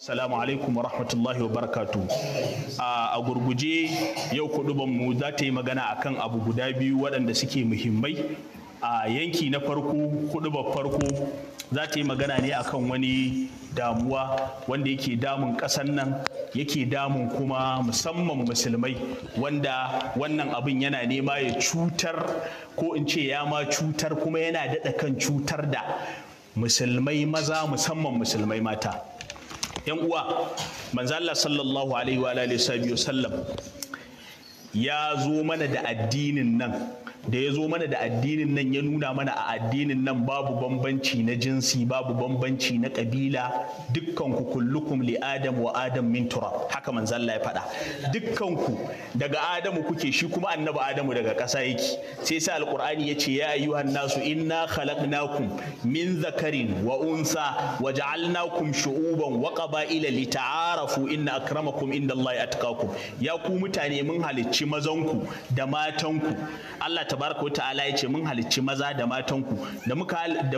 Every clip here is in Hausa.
Salamu alaikum wa rahmatullahi wa barakatu. A gurguje yau kuɗuban mu za ta yi magana a kan abu guda biyu waɗanda suke muhimmai. A yanki na farko kuɗuban farko za ta yi magana ne a kan wani damuwa wanda yake damun ƙasan nan yake damun kuma musamman musulmai wanda wannan abin yana nema ya cutar ko in ce ya ma cutar kuma yana daɗa kan cutar da musulmai maza musamman musulmai mata. yan uwa manzo Allah sallallahu alaihi wa alihi wasallam ya zo mana da addinin nan da ya zo mana da addinin nan ya nuna mana a addinin nan babu bambanci na jinsi babu bambanci na kabila dukkan ku kullukum li adam wa adam min turab haka manzo ya faɗa dukkan ku daga adamu kuke shi kuma annabi adamu daga ƙasa yake sai sai alqur'ani yace ya ayyuhan nasu inna khalaqnakum min zakarin wa unsa wa ja'alnakum shu'uban wa qaba'ila lita'arafu inna akramakum indallahi atqakum ya ku mutane mun halicci mazanku da matanku Allah tabaraka wa ta'ala ya ce mun halicci maza da matanku da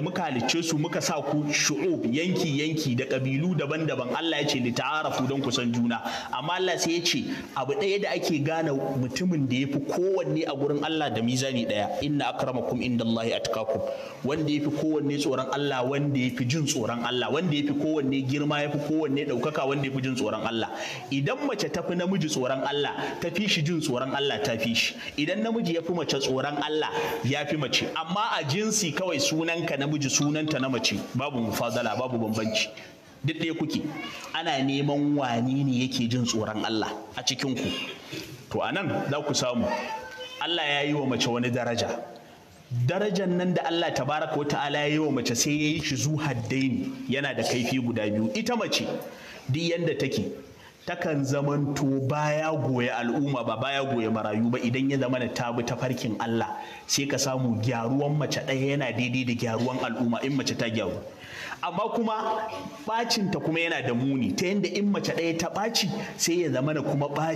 muka halicce su muka sa ku shu'ub yanki yanki da kabilu daban-daban Allah ya ce li ta'arafu don kusan juna amma Allah sai ya ce abu ɗaya da ake gane mutumin da yafi kowanne a gurin Allah da mizani ɗaya inna akramakum indallahi atqakum wanda yafi kowanne tsoron Allah wanda yafi jin tsoron Allah wanda yafi kowanne girma yafi kowanne ɗaukaka wanda yafi jin tsoron Allah idan mace tafi namiji tsoron Allah tafi shi jin tsoron Allah tafi shi idan namiji yafi mace tsoron tsoron Allah ya fi mace amma a jinsi kawai sunanka namiji sunanta na mace babu mufazala babu bambanci duk ɗaya kuke ana neman wani ne yake jin tsoron Allah a cikin ku to anan za ku samu Allah ya yi wa mace wani daraja darajan nan da Allah tabaraka wa ta'ala ya yi wa mace sai ya yi shi daini yana da kaifi guda biyu ita mace duk yanda take takan zamanto baya goya al'umma ba baya goya marayu ba idan ya zama da ta bi tafarkin Allah sai ka samu gyaruwan mace ɗaya yana daidai da gyaruwan al'umma in mace ta gyaru amma kuma bacinta kuma yana da muni ta yadda in mace ɗaya ta baci sai ya zama kuma ta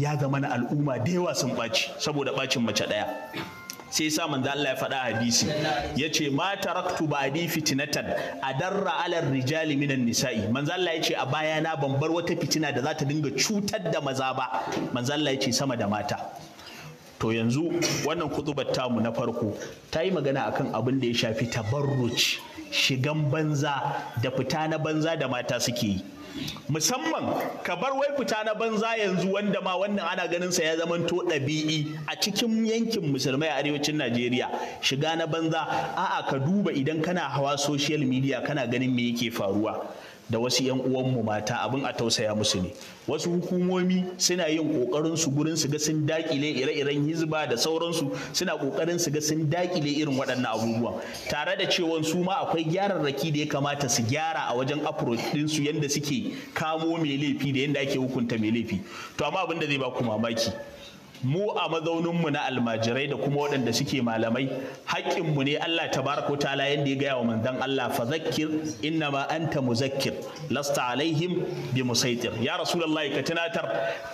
ya zama al'umma da yawa sun baci saboda bacin mace ɗaya sai sa manzo Allah ya faɗa hadisi Ya yace ma taraktu ba'di fitnatan adarra 'ala rijali minan nisa'i manzo Allah ce a baya na ban bar wata fitina da za ta dinga cutar da maza ba manzo Allah ce sama da mata to yanzu wannan kutubar tamu na farko ta yi magana akan abin da ya shafi tabarruci shigan banza da fita na banza da mata suke yi musamman ka bar wai fita na banza yanzu wanda ma wannan ana ganin sa ya zama to ɗabi'i a cikin yankin musulmai a arewacin Najeriya shiga na banza a'a ka duba idan kana hawa social media kana ganin me yake faruwa da wasu 'yan uwanmu mata abin a tausaya musu ne wasu hukumomi suna yin kokarin su gurin su ga sun dakile ire-iren hizba da sauransu suna kokarin su ga sun dakile irin waɗannan abubuwan tare da cewa su ma akwai gyararraki da ya kamata su gyara a wajen approach din su yanda suke kamo mai laifi da yadda ake hukunta mai laifi to amma abin da zai ba ku mamaki mu a mazauninmu na almajirai da kuma waɗanda suke malamai haƙƙinmu ne Allah tabaraka ta'ala yadda ya gaya wa manzon Allah fa zakkir inna ma anta muzakkir lasta alaihim bi musaitir ya rasulullahi ka tunatar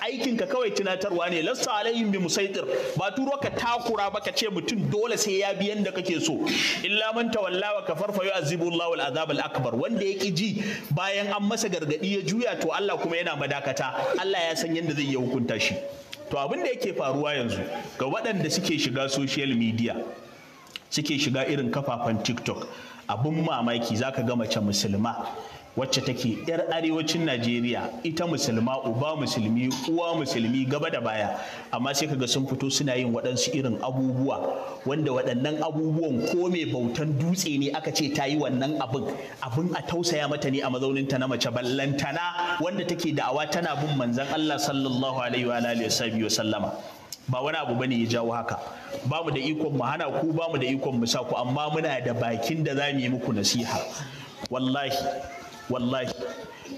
aikin ka kawai tunatarwa ne lasta alaihim bi musaitir ba turo ka takura ba ka ce mutum dole sai ya bi yanda kake so illa man tawalla ka kafar fa yu'azibullahu al al-akbar wanda ya ki ji bayan an masa gargadi ya juya to Allah kuma yana madakata Allah ya san yanda zai yi hukunta shi to abin da yake faruwa yanzu ga waɗanda suke shiga social media suke shiga irin kafafen tiktok abin mamaki zaka ga mace musulma wacce take 'yar arewacin najeriya ita musulma uba musulmi uwa musulmi gaba da baya amma sai kaga sun fito suna yin waɗansu irin abubuwa wanda waɗannan abubuwan ko mai bautan dutse ne aka ce ta yi wannan abin abin a tausaya mata ne a mazauninta na mace ballantana wanda take da'awa tana bin manzon allah sallallahu alaihi wa alihi wa sallama ba wani abu bane ya jawo haka ba mu da ikon mu hana ku ba mu da ikon mu sa ku amma muna da bakin da za mu yi muku nasiha wallahi wallahi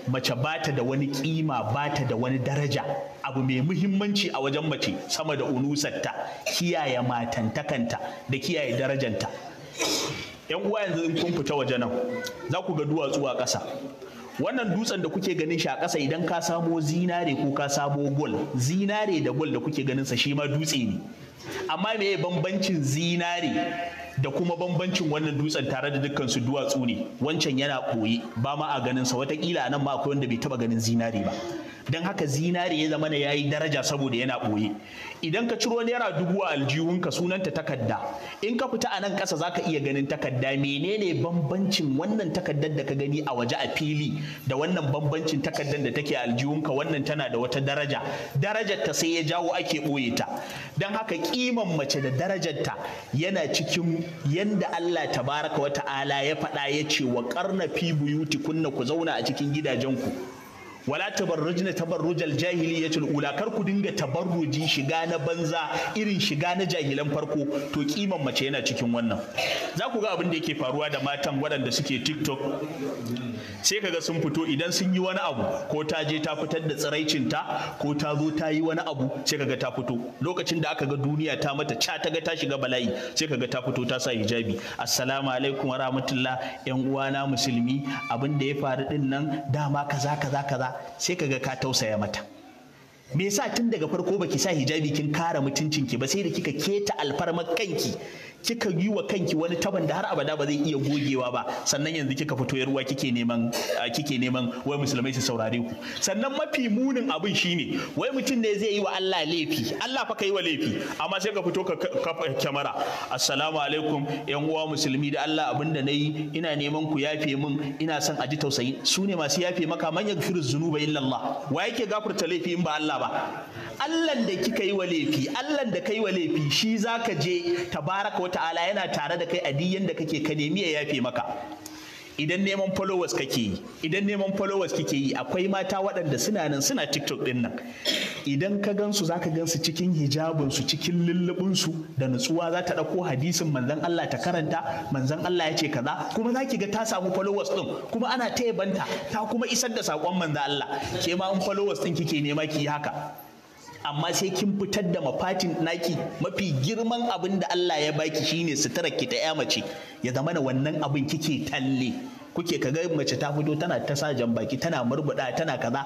mace bata da wani kima bata da wani daraja abu mai muhimmanci a wajen mace sama da unusarta kiyaye matantakanta da kiyaye darajanta yan uwa yanzu in kun fita waje nan za ku ga duwatsu a ƙasa wannan dutsen da kuke ganin shi a ƙasa idan ka samo zinare ko ka samo gol zinare da gol da kuke ganin sa shi ma dutse ne amma me bambancin zinare da kuma bambancin wannan dutsen tare da dukkan su duwatsu ne wancan yana koyi ba ma a ganin sa watakila nan ma akwai wanda bai taba ganin zinari ba don haka zinari ya zama ya yi daraja saboda yana ɓoye idan ka ciro naira dubu a aljihunka sunanta takarda in ka fita a nan ƙasa za ka iya ganin takadda, menene bambancin wannan takardar da ka gani a waje a fili da wannan bambancin takardar da take aljihunka wannan tana da wata daraja darajar ta sai ya jawo ake ɓoye ta don haka kiman mace da darajar ta yana cikin yanda Allah tabaraka wa ta'ala ya faɗa ya ce wa ƙarna fi buyuti kunna ku zauna a cikin gidajenku wala tabarrujna tabarrujal jahiliyatul ula kar ku dinga tabarruji shiga na banza irin shiga na jahilan farko to kiman mace yana cikin wannan za ku ga abin da yake faruwa da matan waɗanda suke tiktok sai kaga sun fito idan sun yi wani abu ko ta je ta fitar da tsiraicinta ko ta zo ta yi wani abu sai kaga ta fito lokacin da aka ga duniya ta mata ca ta ga ta shiga bala'i sai kaga ta fito ta sa hijabi assalamu alaikum wa rahmatullah yan uwana musulmi abin da ya faru din nan dama kaza kaza kaza sai kaga ka tausaya mata me yasa tun daga farko baki sa hijabi kin kara mutuncin ki ba sai da kika keta alfarmar kanki kika yi wa kanki wani taban da har abada ba zai iya gogewa ba sannan yanzu kika fito yarwa kike neman kike neman wai musulmai su saurare ku sannan mafi munin abin shine wai mutum ne zai yi wa Allah laifi Allah fa kai wa laifi amma sai ka fito ka kafa kyamara assalamu alaikum yan uwa musulmi da Allah abinda na nayi ina neman ku yafe min ina son a ji tausayi su ne masu yafe maka man yaghfiru dhunuba illallah wa yake gafarta laifi in ba Allah Allah ba Allah da kika yi wa laifi Allah da kai wa laifi shi zaka je tabaraka wa ta'ala yana tare da kai a diyan da kake ka nemi ya yafe maka idan neman followers kake yi idan neman followers kike yi akwai mata waɗanda suna nan suna TikTok ɗin nan idan ka gansu zaka gansu cikin hijabinsu cikin lullubinsu da nutsuwa za ta ɗauko hadisin manzon Allah ta karanta manzon Allah ya ce kaza kuma za ki ga ta samu followers din kuma ana ta yabanta ta kuma isar da sakon manzon Allah ke ma in followers din kike nema ki haka amma sai kin fitar da mafatin naki mafi girman abin da Allah ya baki shine sutura ki ta ya mace ya zama wannan abin kike talle kuke kaga mace ta fito tana ta sa jan baki tana murbuda tana kaza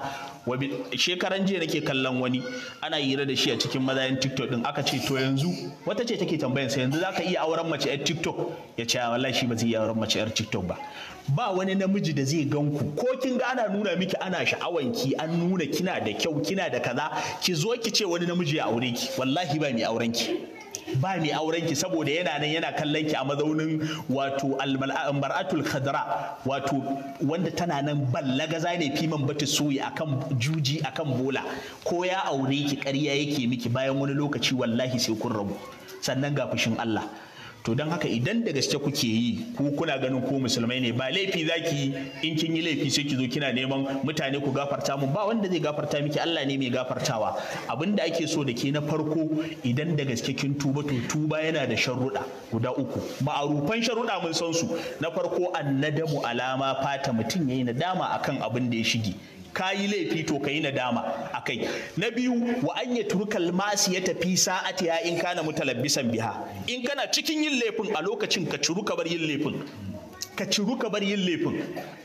shekaran jiya nake kallon wani ana hira da shi a cikin mazayin tiktok din aka ce to yanzu wata ce take tambayan sa yanzu zaka iya auren mace yar tiktok ya ce ah, wallahi shi ba zai iya auren mace yar tiktok ba ba wani namiji da zai gan ku ko kin ga ana nuna miki ana sha'awan ki an nuna kina da kyau kina da kaza ki zo ki ce wani namiji ya aure ki wallahi ba mai auren ki ba mai auren ki saboda yana nan yana kallon ki a mazaunin wato almar'atul khadra wato wanda tana nan ballagaza ne fiman bata suyi akan juji akan bola ko ya aure ki ƙarya yake miki bayan wani lokaci wallahi sai kun rabu sannan ga fushin Allah to don haka idan da gaske kuke yi ku kuna ganin ko musulmai ne ba laifi zaki in kin yi laifi sai ki zo kina neman mutane ku gafarta mu ba wanda zai gafarta miki Allah ne mai gafartawa abin da ake so da ke na farko idan da gaske kin tuba to tuba yana da sharuɗa guda uku ma'arufan sharuɗa mun san su na farko annadamu alama fata mutum yayi nadama akan abin da ya shige ka yi laifi to ka yi nadama a kai na biyu wa an ya turkal masu ya tafi sa'ati ya in kana mutalabbisan biha in kana cikin yin laifin a lokacin ka ciru ka bar yin laifin ka ciru ka bar yin laifin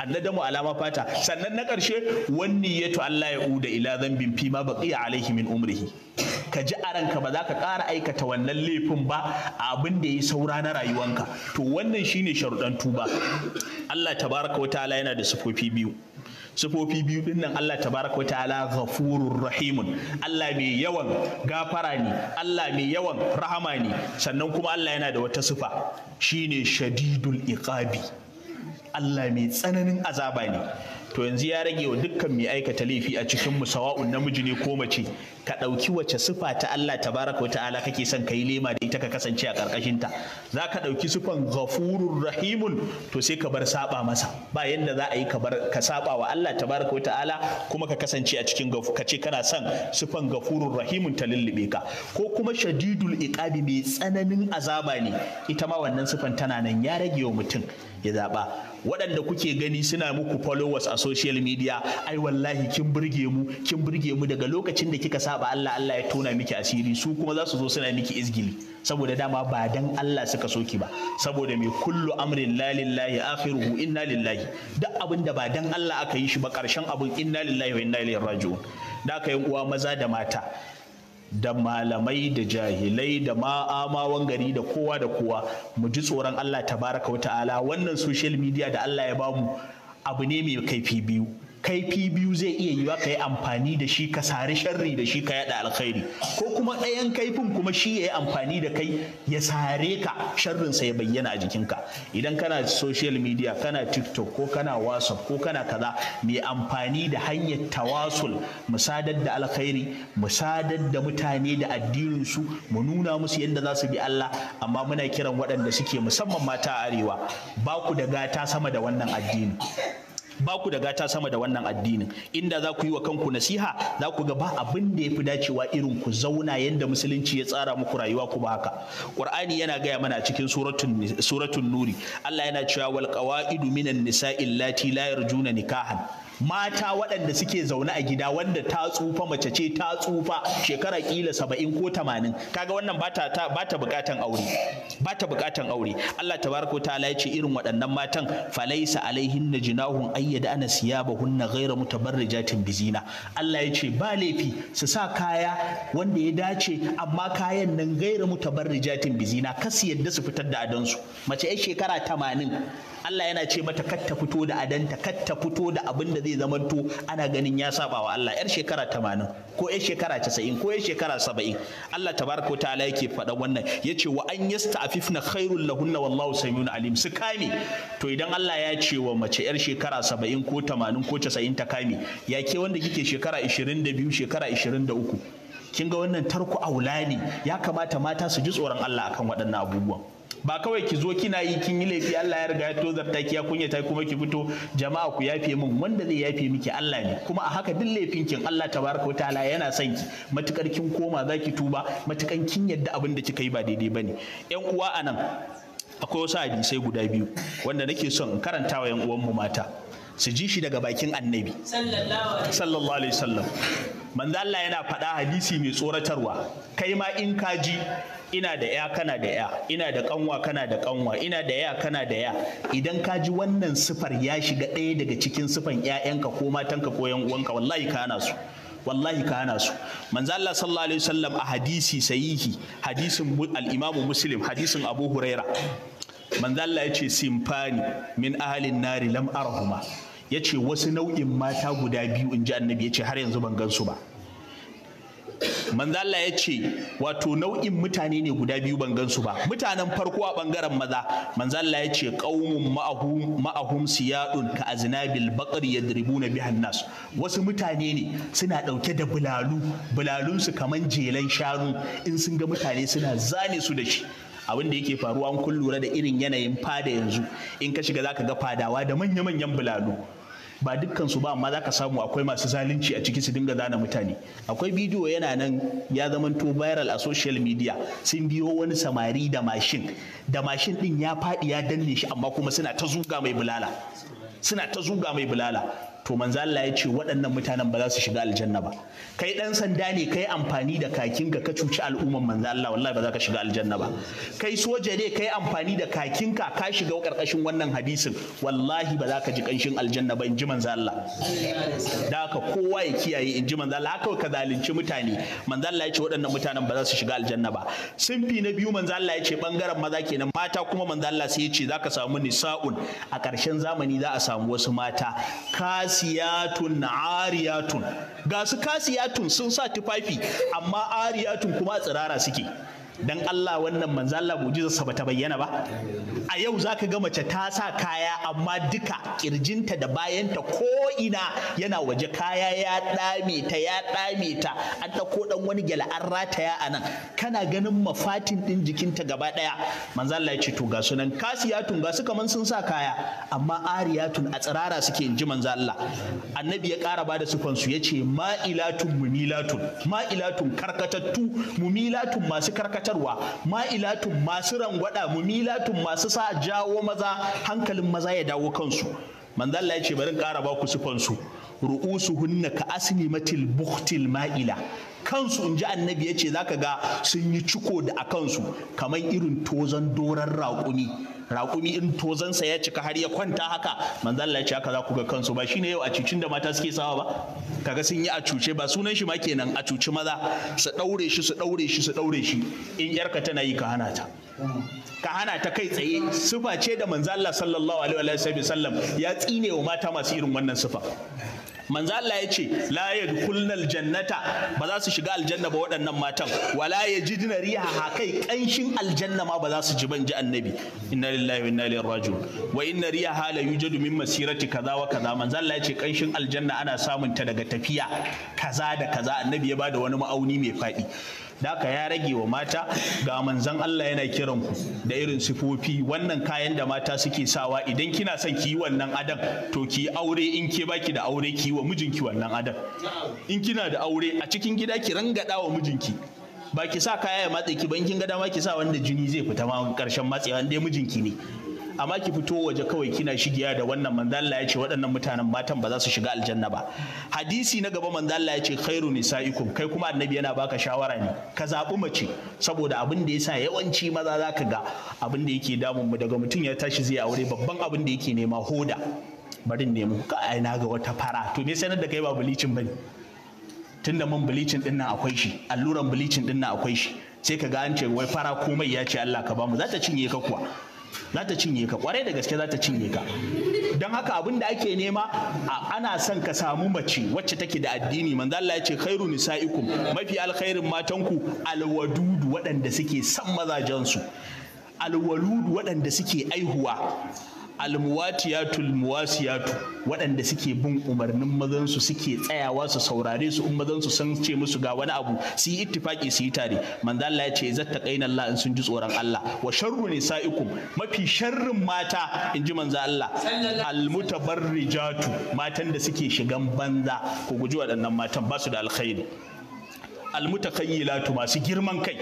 annadamu alama fata sannan na ƙarshe wanni ya to Allah ya uda ila zambin fi ma baqiya alaihi min umrihi ka ji a ranka ba za ka ƙara aikata wannan laifin ba a abin da ya saura na rayuwanka to wannan shine sharuɗan tuba Allah tabaraka wa ta'ala yana da sufofi biyu sifofi biyu din nan Allah tabaraka wa ta'ala ghafurur rahimun Allah mai yawan gafara ne Allah mai yawan rahama ne sannan kuma Allah yana da wata sifa shine shadidul iqabi Allah mai tsananin azaba ne to yanzu ya rage wa dukkan mai aikata laifi a cikin mu sawa'un namiji ne ko mace ka ɗauki wace sifa ta Allah tabaraka wa ta'ala kake son ka yi lema da ita ka kasance a ƙarƙashin ta za ka ɗauki sifan ghafurur rahimun to sai ka bar saba masa ba yanda za a yi ka bar ka saba wa Allah tabaraka wa ta'ala kuma ka kasance a cikin gafu ka ce kana son sifan ghafurur rahimun ta lullube ka ko kuma shadidul iqabi mai tsananin azaba ne ita ma wannan sifan tana nan ya rage wa mutum ya zaba waɗanda kuke gani suna muku followers a social media ai wallahi kin burge mu kin burge mu daga lokacin da kika saba Allah Allah ya tona miki asiri su kuma za su zo suna miki izgili saboda dama ba dan Allah suka soki ba saboda mai kullu amrin la lillahi akhiruhu inna lillahi duk abin da ba dan Allah aka yi shi ba karshen abin inna lillahi wa inna ilaihi raji'un da yi uwa maza da mata da malamai da jahilai da ma'amawan gari da kowa da kowa mu ji tsoron Allah tabaraka wata'ala wannan social media da Allah ya bamu abu ne mai kaifi biyu kaifi biyu zai iya yiwa ka yi amfani da shi ka sari sharri da shi ka yada alkhairi ko kuma ɗayan kaifin kuma shi ya yi amfani da kai ya sare ka sharrin sa ya bayyana a jikinka idan kana social media kana tiktok ko kana whatsapp ko kana kaza mai amfani da hanyar tawasul mu sadar da alkhairi mu sadar da mutane da addinin su mu nuna musu yadda za su bi Allah amma muna kiran waɗanda suke musamman mata arewa ba ku da gata sama da wannan addini ba ku da gata sama da wannan addinin inda za ku yi wa kanku nasiha za ku ga ba abin da ya fi dacewa irin ku zauna yadda musulunci ya tsara muku rayuwa ku ba haka qur'ani yana gaya mana cikin suratun nuri Allah yana cewa wal qawaidu minan nisa'i allati la yarjuna nikahan mata waɗanda suke zaune a gida wanda ta tsufa mace ce ta tsufa shekara kila saba'in ko tamanin kaga wannan bata bata bukatan aure bata bukatan aure Allah tabaraka ta'ala ya ce irin waɗannan matan falaisa alaihin na jinahun ayyada ana siya siyabahunna ghaira mutabarrijatin bizina Allah ya ce ba laifi su sa kaya wanda ya dace amma kayan nan gaira mutabarrijatin bizina kas yadda su fitar da adansu mace 'yar shekara tamanin Allah yana ce mata katta ta fito da adanta katta ta fito da abin da zai zamanto ana ganin ya saba wa Allah yar shekara 80 ko yar shekara 90 ko yar shekara 70 Allah tabaraka ta'ala yake faɗa wannan yace wa an yasta'fifna khairul lahunna wallahu samiun alim su kame to idan Allah ya ce wa mace yar shekara 70 ko 80 ko 90 ta kame ya ke wanda kike shekara 22 shekara 23 kin ga wannan tarko aula ne ya kamata mata su ji tsoron Allah akan waɗannan abubuwan ba kawai ki zo kina yi kin yi laifi Allah ya riga ya tozarta ki ya kunyata kuma ki fito jama'a ku yafe min wanda zai yafe miki Allah ne kuma a haka duk laifin kin Allah tabaraka wa ta'ala yana son ki matukar kin koma zaki tuba matukan kin yadda abin da kika yi ba daidai bane yan uwa anan akwai wasu hadisai guda biyu wanda nake son in karanta wa uwan mu mata su ji shi daga bakin annabi sallallahu alaihi wasallam manzo Allah yana faɗa hadisi mai tsoratarwa kai ma in ka ji ina da ya kana da ya ina da kanwa kana da kanwa ina da ya kana da ya idan ka ji wannan sifar ya shiga ɗaya daga cikin sifan ƴaƴanka ko matanka ko yan uwanka wallahi ka hana su wallahi ka hana su manzo Allah sallallahu alaihi wasallam a hadisi sahihi hadisin al-Imam Muslim hadisin Abu Huraira manzo Allah ya simfani min ahalin nari lam arhuma ya ce wasu nau'in mata guda biyu in ji annabi ya ce har yanzu ban gansu ba Manzala ya ce wato nau'in mutane ne guda biyu ban gansu ba mutanen farko a bangaren maza Manzala ya ce ƙaunin ma'ahum siyadun ka aznabil baqri na bihan nasu wasu mutane ne suna ɗauke da bulalu bulalunsu kamar kaman jelan shanu in sun ga mutane suna zane su da shi abin da yake faruwa an kun lura da irin yanayin fada yanzu in ka shiga zaka ga fadawa da manya-manyan bulalu ba dukkan su ba amma zaka samu akwai masu zalunci a ciki su dinga zana mutane akwai bidiyo yana nan ya zama to viral a social media sun biyo wani samari da mashin da mashin din ya faɗi ya danne shi amma kuma suna ta zuga mai bulala suna ta zuga mai bulala to manzo Allah ya ce waɗannan mutanen ba za su shiga aljanna ba kai dan sanda ne kai amfani da kakinka ka cuci al'umman manzo Allah wallahi ba za ka shiga aljanna ba kai soja ne kai amfani da kakin ka ka shiga karkashin wannan hadisin wallahi ba za ka ji kanshin aljanna ba in ji manzo Allah da haka kowa ya kiyaye in ji manzo Allah haka ka zalunci mutane manzo Allah ya ce waɗannan mutanen ba za su shiga aljanna ba sunfi na biyu manzo Allah ya ce bangaren maza kenan mata kuma manzo Allah sai ya ce za ka samu nisa'un a ƙarshen zamani za a samu wasu mata ka kasiyatun ariyatun ga su kasiyatun sun sa tufafi amma ariyatun kuma tsirara suke dan Allah wannan manzo Allah mujizarsa ba ta bayyana ba a yau zaka ga mace ta sa kaya amma duka kirjinta da bayanta ko ina yana waje kaya ya dame ta ya dame ta an ko dan wani gyal an rataya a nan kana ganin mafatin din jikinta gaba daya manzo Allah ya ce to ga sunan kasiyatun ga su kaman sun sa kaya amma ariyatun a tsirara suke inji manzo Allah annabi ya ƙara bada sufan su yace ma'ilatun mumilatun ma'ilatun karkatattu mumilatun masu karkatattu karkatarwa ma'ilatun masu rangwada mumilatun masu sa jawo maza hankalin maza ya dawo kansu manzalla ya ce bari ƙara ba ku sufansu su hunna ka asnimatil buhtil ma'ila kansu in ji annabi ya ce za ka ga sun yi ciko da a kansu kamar irin tozon doron raƙumi raƙumi in tozansa ya cika har ya kwanta haka manzalla ya ce haka za ku ga kansu ba shine yau a cucin da mata suke sawa ba kaga sun yi a cuce ba sunan shi ma kenan a cuci maza su ɗaure shi su ɗaure shi su ɗaure shi in yarka tana yi ka hana ta ka hana ta kai tsaye sufa ce da manzalla sallallahu alaihi wa sallam ya tsine wa mata masu irin wannan sufa manzo Allah ya ce la yadkhulnal jannata ba za su shiga aljanna ba waɗannan matan wala yajidna riha kai kanshin aljanna ma ba za su ji ban ji annabi inna lillahi wa inna ilaihi raji'un wa inna riha la yujadu min masirati kaza wa kaza manzo Allah ya ce kanshin aljanna ana samun ta daga tafiya kaza da kaza annabi ya bada wani ma'auni mai faɗi da aka ya rage wa mata ga manzon Allah yana kiran ku da irin sifofi wannan kayan da mata suke sawa idan kina son ki yi wannan adam to ki aure in ke baki da aure ki wa mijinki wannan adam in kina da aure a cikin gida ki rangada wa mijinki ba ki sa kaya ya matse ki in kin ga dama ki sa wanda jini zai fita ma karshen matsewa dai mijinki ne amma ki fito waje kawai kina shigiya da wannan manzo Allah ya ce waɗannan mutanen matan ba za su shiga aljanna ba hadisi na gaba manzo Allah ya ce khairu nisaikum kai kuma annabi yana baka shawara ne ka zabi mace saboda abin da yasa yawanci maza za ka ga abin da yake damun mu daga mutum ya tashi zai aure babban abin da yake nema hoda barin nemo ka ai na ga wata fara to me sanar da kai ba bilicin bane da man bilicin din nan akwai shi alluran bilicin din nan akwai shi sai ka ga an ce wai fara komai ya ce Allah ka bamu za ta cinye ka kuwa za ta cinye ka kwarai da gaske za ta cinye ka don haka abin da ake nema ana son ka samu mace wacce take da addini manzo Allah ya ce khairu nisaikum mafi alkhairin matanku alwadudu waɗanda suke son mazajensu alwaludu waɗanda suke aihuwa almuwatiyatul muwasiyatu waɗanda suke bin umarnin mazansu suke tsayawa su saurare su in mazansu sun ce musu ga wani abu su yi ittifaki su yi tare manzo Allah ya ce zatta kaina Allah in sun ji tsoron Allah wa sharru nisaikum mafi sharrin mata in ji manzo Allah almutabarrijatu matan da suke shigan banza ku guji waɗannan matan ba su da alkhairi almutakayyilatu masu girman kai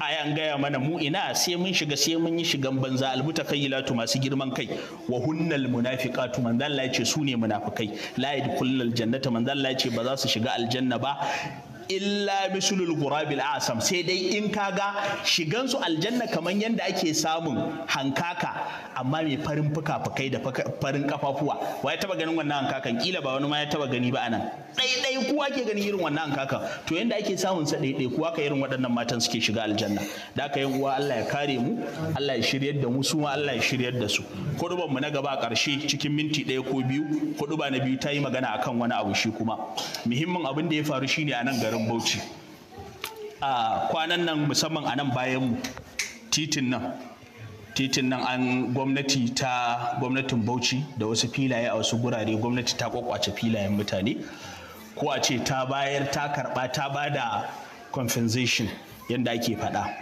a an gaya mana mu ina sai mun shiga sai mun yi shigan banza almutakayyilatu masu girman kai wa hunnal munafiqatu manzo Allah ya ce su ne munafikai la yadkhulul jannata manzo Allah ya ce ba za su shiga aljanna ba illa mislul gurabil asam sai dai in kaga shigan su aljanna kaman yanda ake samun hankaka amma mai farin fuka-fukai da farin kafafuwa wa ya taba ganin wannan hankakan kila ba wani ma ya taba gani ba anan ɗaiɗai kuwa ke ganin irin wannan hankakan to yanda ake samun sa ɗaiɗai kuwa ka irin waɗannan matan suke shiga aljanna da aka yin uwa Allah ya kare mu Allah ya shiryar da mu su ma Allah ya shiryar da su kuduban mu na gaba ƙarshe cikin minti ɗaya ko biyu kuduba na biyu ta yi magana akan wani abu shi kuma muhimmin abin da ya faru shine a nan garin garin Bauchi a kwanan nan musamman a nan bayan titin nan titin nan an gwamnati ta gwamnatin Bauchi da wasu filaye a wasu gurare gwamnati ta kwakwace filayen mutane ko a ce ta bayar ta karba ta ba da compensation yadda ake faɗa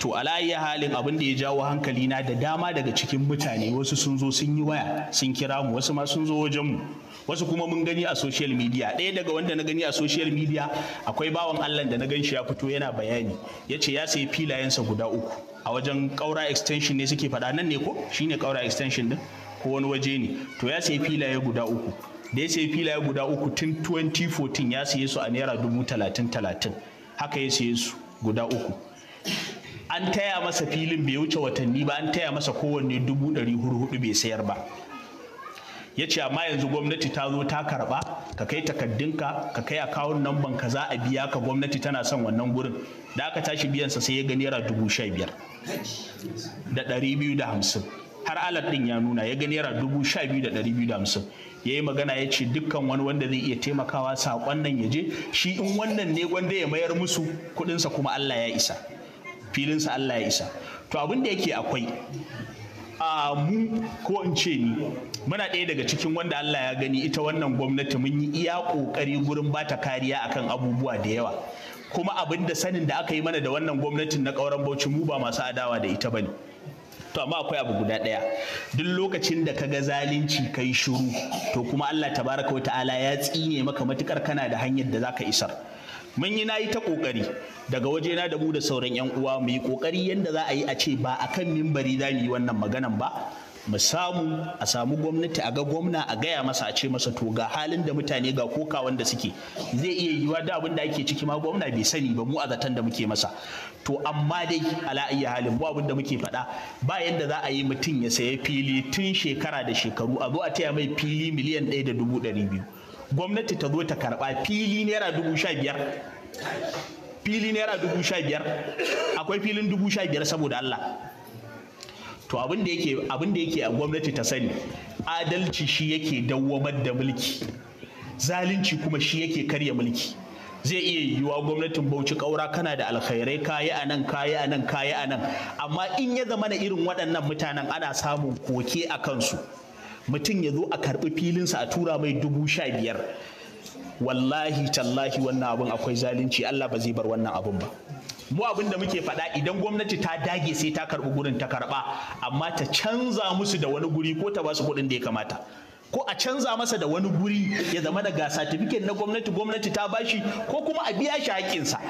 to alayya halin abin da ya jawo hankali na da dama daga cikin mutane wasu sun zo sun yi waya sun kira mu wasu ma sun zo wajen mu wasu kuma mun gani a social media ɗaya daga wanda na gani a social media akwai bawan allah da na gan shi ya fito yana bayani ya ce ya sayi filayensa guda uku a wajen ƙaura extension ne suke faɗa nan ne ko shine ƙaura extension din ko wani waje ne to ya sayi filaye guda uku da ya sayi filaye guda uku tun 2014 ya saye su a naira dubu talatin talatin haka ya saye su guda uku an taya masa filin bai wuce watanni ba an taya masa kowanne dubu ɗari hurhudu bai sayar ba ya ce amma yanzu gwamnati ta zo ta karba ka kai takaddunka ka kai akawun namban ka za a biya ka gwamnati tana son wannan gurin da aka tashi biyansa sai ya ga naira dubu sha biyar da ɗari biyu da hamsin har alat ɗin ya nuna ya ga naira dubu sha biyu da ɗari biyu da hamsin ya yi magana ya ce dukkan wani wanda zai iya taimakawa saƙon nan ya je shi in wannan ne gwanda ya mayar musu kuɗinsa kuma Allah ya isa filinsa Allah ya isa to abin da yake akwai a mu ko in ce ni muna ɗaya daga cikin wanda Allah ya gani ita wannan gwamnati mun yi iya ƙoƙari gurin ba ta kariya akan abubuwa da yawa kuma abin da sanin da aka yi mana da wannan gwamnatin na ƙauran bauchi mu ba masu adawa da ita bane to amma akwai abu guda ɗaya duk lokacin da ka ga zalunci kai shiru to kuma Allah tabaraka wa ta'ala ya tsine maka matukar kana da hanyar da zaka isar mun yi nayi ta kokari daga waje na da mu da sauran yan uwa mu yi kokari yadda za a yi a ce ba a kan mimbari za mu yi wannan maganan ba mu samu a samu gwamnati a ga gwamna a gaya masa a ce masa to ga halin da mutane ga koka wanda suke zai iya yiwa da abin da ake ciki ma gwamna bai sani ba mu a zaton da muke masa to amma dai ala iya halin ba abin da muke faɗa ba yanda za a yi mutum ya sayi fili tun shekara da shekaru a zo a taya mai fili miliyan ɗaya da dubu ɗari biyu gwamnati ta zo ta karba fili naira dubu sha biyar fili naira dubu sha biyar akwai filin dubu sha biyar saboda Allah to abin da yake abin da yake a gwamnati ta sani adalci shi yake dawwamar da mulki zalunci kuma shi yake karya mulki zai iya yiwuwa gwamnatin bauchi kaura kana da alkhairai kayi a nan kayi a nan kayi a nan amma in ya zama na irin waɗannan mutanen ana samun koke a kansu mutum ya zo a karɓi filinsa a tura mai dubu sha biyar wallahi tallahi wannan abun akwai zalunci Allah ba zai bar wannan abin ba mu abin da muke faɗa idan gwamnati ta dage sai ta karɓi gurin ta karɓa amma ta canza musu da wani guri ko ta ba su kuɗin da ya kamata ko a canza masa da wani guri ya zama da satifiket na gwamnati gwamnati ta bashi ko kuma a biya shi haƙƙinsa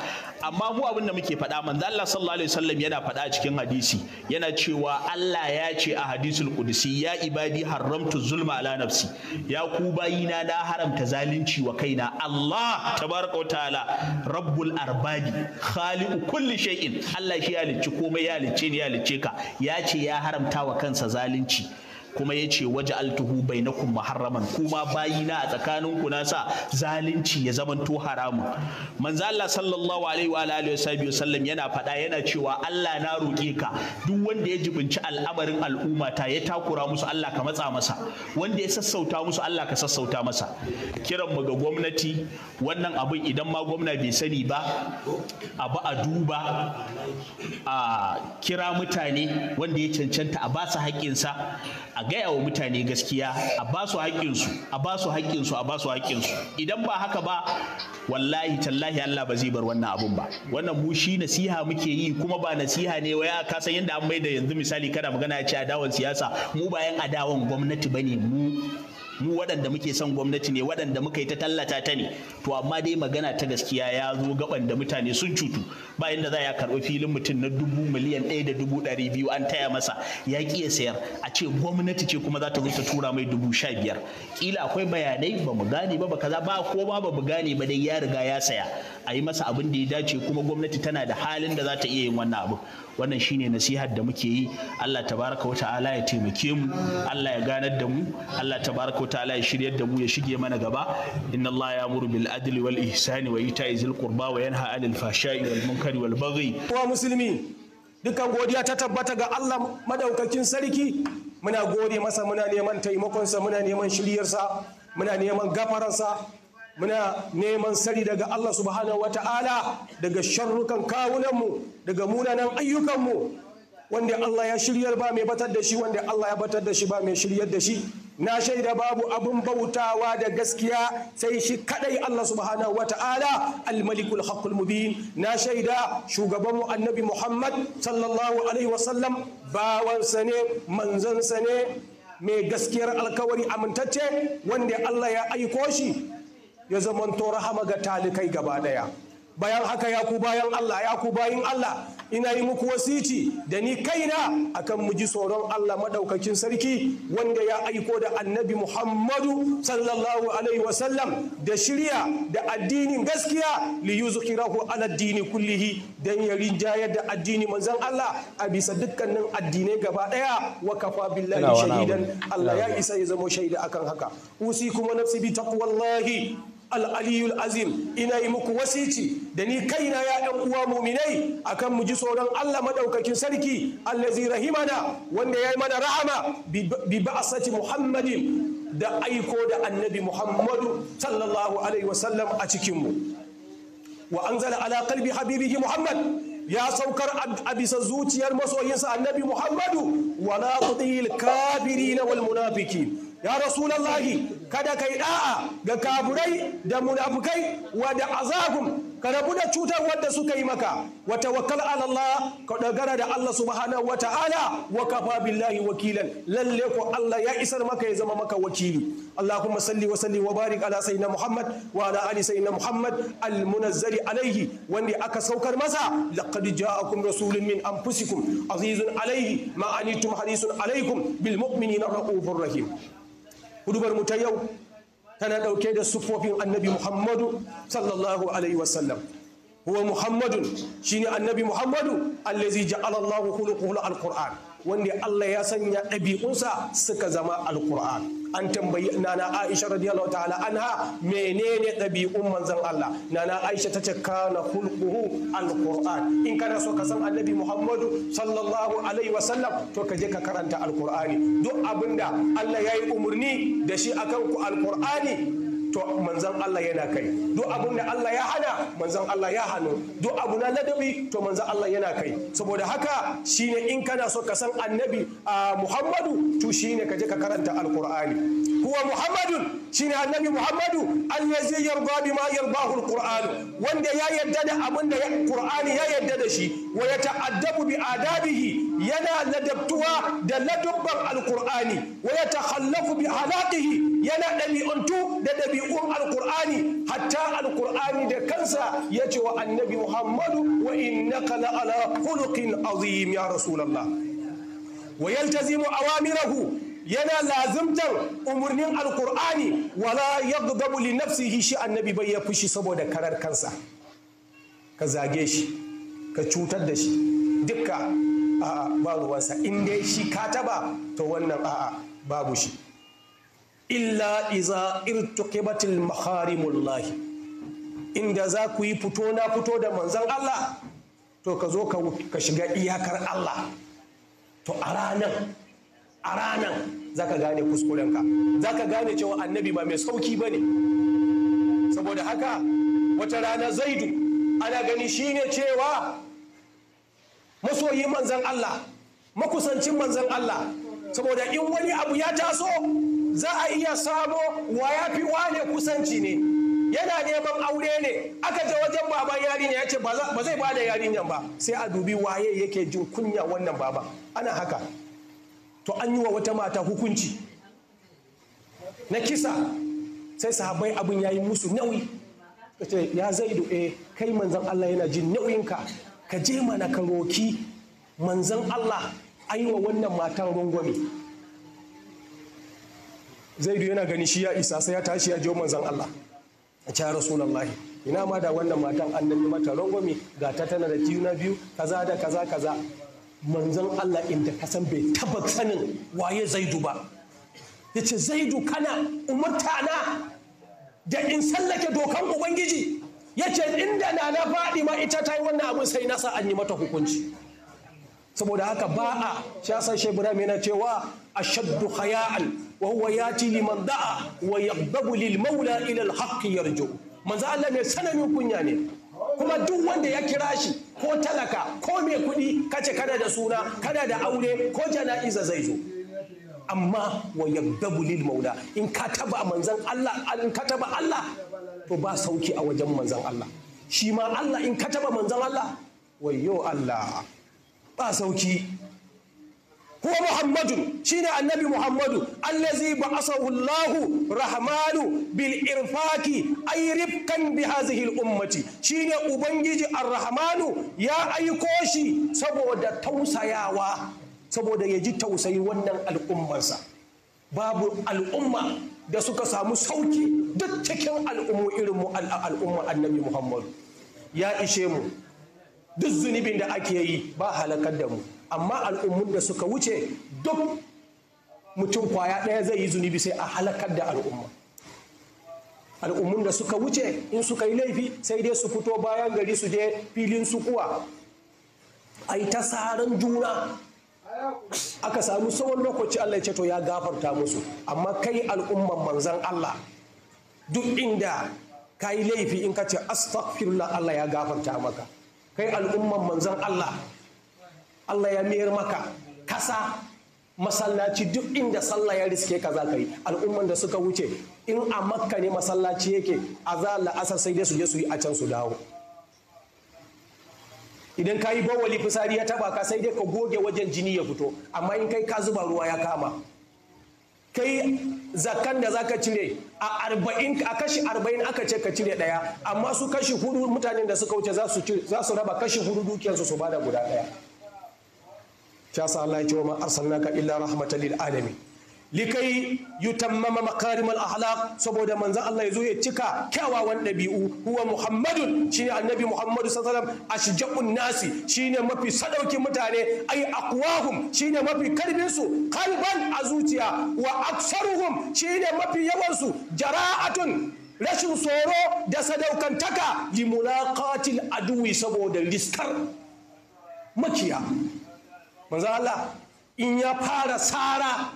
amma mu abin da muke faɗa manzo Allah sallallahu alaihi wasallam yana faɗa a cikin hadisi yana cewa Allah ya ce a hadisul qudsi ya ibadi haramtu zulma ala nafsi ya ku bayina na haramta zalunci wa kaina Allah tabaraka wa ta'ala rabbul arbadi khaliqu kulli shay'in Allah shi ya halicci komai ya halicce ni ya lice ka ya ce ya haramta wa kansa zalunci kuma ya ce waje altuhu bai na kuma haraman kuma bayina a tsakaninku na sa zalunci ya zamanto haramun manzo Allah sallallahu alaihi wa alihi wa sallam yana faɗa yana cewa Allah na roƙe ka duk wanda ya jibinci al'amarin al'umma ta ya takura musu Allah ka matsa masa wanda ya sassauta musu Allah ka sassauta masa kiran mu ga gwamnati wannan abin idan ma gwamna bai sani ba abu a duba a kira mutane wanda ya cancanta a ba su haƙƙinsa a gaya wa mutane gaskiya a ba su haƙƙinsu a ba su haƙƙinsu a ba su haƙƙinsu idan ba haka ba wallahi tallahi Allah ba zai bar wannan abun ba wannan mu shi nasiha muke yi kuma ba nasiha ne wai a ah, kasan yadda an mai da yanzu misali kana magana ya ce adawan siyasa mu bayan adawan gwamnati bane mu mu waɗanda muke son gwamnati ne waɗanda muka yi ta tallata ta ne to amma dai magana ta gaskiya ya zo gaban da mutane sun cutu Bayan da za ya karɓi filin mutum na dubu miliyan ɗaya da dubu ɗari biyu an taya masa ya ƙi ya sayar a ce gwamnati ce kuma za ta zo ta tura mai dubu sha biyar ƙila akwai bayanai ba mu gane ba ba kaza ba ko ba ba mu gane ba dai ya riga ya saya a yi masa abin da ya dace kuma gwamnati tana da halin da za ta iya yin wannan abu wannan shine nasihar da muke yi Allah tabaraka wata'ala ya taimake mu Allah ya ganar da mu Allah tabaraka wata'ala ya shiryar da mu ya shige mana gaba inna Allah ya'muru bil adli wal ihsani wa ita'i zil qurba wa yanha 'anil fahsha'i wal munkari wal baghi wa muslimi dukan godiya ta tabbata ga Allah madaukakin sarki muna gode masa muna neman taimakonsa muna neman shiryarsa muna neman gafararsa muna neman sari daga Allah subhanahu ta'ala, daga sharrukan kawunanmu daga munanan ayyukanmu wanda Allah ya shiryar ba mai batar da shi wanda Allah ya batar da shi ba mai shiryar da shi na shaida babu abin bautawa da gaskiya sai shi kadai Allah subhanahu ta'ala al-malikul haqqul mubin na shaida shugabanmu annabi Muhammad sallallahu alaihi wa wasallam bawansa ne manzansa ne mai gaskiyar alkawari amintacce wanda Allah ya aiko shi ya zamanto rahama ga talikai gaba daya bayan haka ya ku bayan Allah ya ku bayin Allah ina yi muku wasiti da ni kaina akan mu ji tsoron Allah madaukakin sarki wanda ya aiko da annabi Muhammadu sallallahu alaihi wasallam da shirya da addinin gaskiya li yuzkirahu ala dini kullihi dan ya rinjayar da addini manzon Allah a bisa dukkanin addinai gaba daya wa kafa billahi shahidan Allah ya isa ya zama shaida akan haka usi kuma nafsi bi taqwallahi al'aliyul azim ina yi muku wasici da ni kaina ya ɗan uwa muminai akan mu ji tsoron Allah maɗaukakin sarki allazi rahimana wanda ya yi mana rahama bi ba'asati muhammadin da aiko da annabi muhammadu sallallahu alaihi wasallam a cikinmu wa anzala ala qalbi habibihi muhammad ya saukar a bisa zuciyar masoyinsa annabi muhammadu wala tutil kafirina wal munafiki ya rasulallahi kada kai ɗa'a ga kaburai da munafukai wa da azagum ka rabu da cutar wadda suka yi maka wata tawakkal ala Allah ka dogara da Allah subhana wata'ala wa kafa billahi wakilan lalle ko Allah ya isar maka ya zama maka wakili Allahumma salli wa salli wa barik ala sayyidina Muhammad wa ala ali sayyidina Muhammad al munazzal alaihi wanda aka saukar masa laqad ja'akum rasulun min anfusikum azizun alayhi ma anitum hadithun alaykum bil mu'minina rahim hudubar mu ta yau tana ɗauke da sufofin annabi muhammadu sallallahu alaihi wasallam huwa muhammadun shine annabi muhammadu allazi ja'ala allahu khuluquhu alquran wanda Allah ya sanya ɗabi'unsa suka zama alquran an tambayi nana Aisha radiyallahu ta'ala anha menene ɗabi'un manzon Allah nana Aisha ta ce kana khulquhu alquran in kana so ka san annabi Muhammadu sallallahu alaihi wasallam to ka je ka karanta alqurani duk abinda Allah yayi umurni da shi akan ku alqurani to manzan Allah yana kai Do abun da Allah ya hana manzan Allah ya hano Do abu na ladabi to manzan Allah yana kai saboda haka shine in kana so ka san annabi ah, Muhammadu to shine ka je ka karanta alkur'ani huwa muhammadun shine annabi muhammadu allazi yarda bima yardahu alquran wanda ya yarda da abin da qur'ani ya yarda da shi wa yata'addabu bi adabihi yana ladabtuwa da ladubban alqur'ani wa yatakhallafu bi halaqihi yana ɗabi'untu da ɗabi'un alqur'ani hatta alqur'ani da kansa yace wa annabi muhammadu wa innaka la ala khuluqin azim ya rasulullah wa yaltazimu awamirahu yana lazimtar umarnin alkur'ani wala ya yaghdabu li nafsihi shi annabi bai ya fushi saboda karar kansa ka zage shi ka cutar da shi dukka a'a ba ruwansa in dai shi ka taba to wannan a'a babu shi illa iza irtuqibatil maharimullahi inda za ku yi fito na fito da manzon Allah to ka zo ka shiga iyakar Allah to a ranar a ranan zaka gane kuskurenka zaka gane cewa annabi ba mai sauki ba ne saboda haka wata rana zaidu ana gani shine cewa masoyi manzan Allah makusancin manzan Allah saboda in wani abu ya taso za a iya samo wa ya fi wane kusanci ne yana neman aure ne aka je wajen baban yarinya ya ce ba zai ba da yarinyan ba sai a dubi waye yake jin kunya wannan baba ana haka to an yi wa wata mata hukunci na kisa sai sahabai abin ya yi musu nauyi ya zaidu eh kai manzan Allah yana jin nauyin ka ka je mana ka roki manzan Allah aiwa wannan matan rungwame zaidu yana gani shi ya isa sai ya tashi ya je manzan Allah a cikin rasulullahi ina ma da wannan matan annabi mata rangwami ga ta tana da juna biyu kaza da kaza kaza manzon Allah inda kasan bai taba sanin waye zaidu ba ya ce zaidu kana umarta na da in sallake dokan ubangiji ya ce inda na na faɗi ma ita ta yi wannan abin sai nasa an yi mata hukunci saboda haka ba a shasar shebrahim yana cewa ashaddu haya'an wa huwa yati liman da'a wa yaqdabu lil maula ila al yarju manzo Allah mai sananin kunya ne kuma duk wanda ya kira shi ko talaka ko mai kuɗi kace kana da suna kana da aure ko jana'iza zai zo amma wa yaddabu lil maula in ka taba manzan Allah in ka taba Allah to ba sauki a wajen manzan Allah shi ma Allah in ka taba manzan Allah wayyo Allah ba sauki huwa muhammadun shine annabi muhammadu allazi ba'asahu allahu rahmanu bil irfaki ay rifkan bi hadhihi al ummati shine ubangiji ar-rahmanu ya aiko shi saboda tausayawa saboda ya ji tausayi wannan al'ummarsa babu al'umma da suka samu sauki duk cikin al'ummu irin mu al'umma annabi muhammadu ya ishe mu duk zunubin da ake yi ba halakar da mu amma al'ummun da suka wuce duk mutum kwaya ɗaya zai yi zunubi sai a halakar da al'umma al'ummun da suka wuce in suka yi laifi sai dai su fito bayan gari su je filin su kuwa a yi ta saran juna aka samu tsawon lokaci Allah ya ce to ya gafarta musu amma kai al'umman manzan Allah duk inda ka laifi in ka ce astaghfirullah Allah ya gafarta maka kai al'umman manzan Allah Allah ya mayar maka kasa masallaci duk inda sallah ya riske ka za ka yi al'umman da suka wuce in a makka ne masallaci yake a za la'asar sai dai su je su yi a can su dawo idan ka yi bawali fisari ya taba ka sai dai ka goge wajen jini ya fito amma in kai ka zuba ruwa ya kama kai zakan da zaka cire a arba'in a kashi arba'in aka ce ka cire ɗaya, amma su kashi hudu mutanen da suka wuce za su raba kashi hudu dukiyarsu su bada guda ɗaya. shi sa Allah ya ce wa ma arsalnaka illa rahmatan lil alamin likai yutammama makarimal ahlak saboda manzon Allah ya zo ya cika kyawawan ɗabi'u huwa muhammadun shine annabi muhammadu sallallahu alaihi ashja'un nasi shine mafi sadaukin mutane ai aqwahum shine mafi karbin su qalban a zuciya wa aksaruhum shine mafi yawan su jara'atun rashin tsoro da sadaukantaka limulaqatil aduwi saboda liskar makiya manzo Allah in ya fara tsara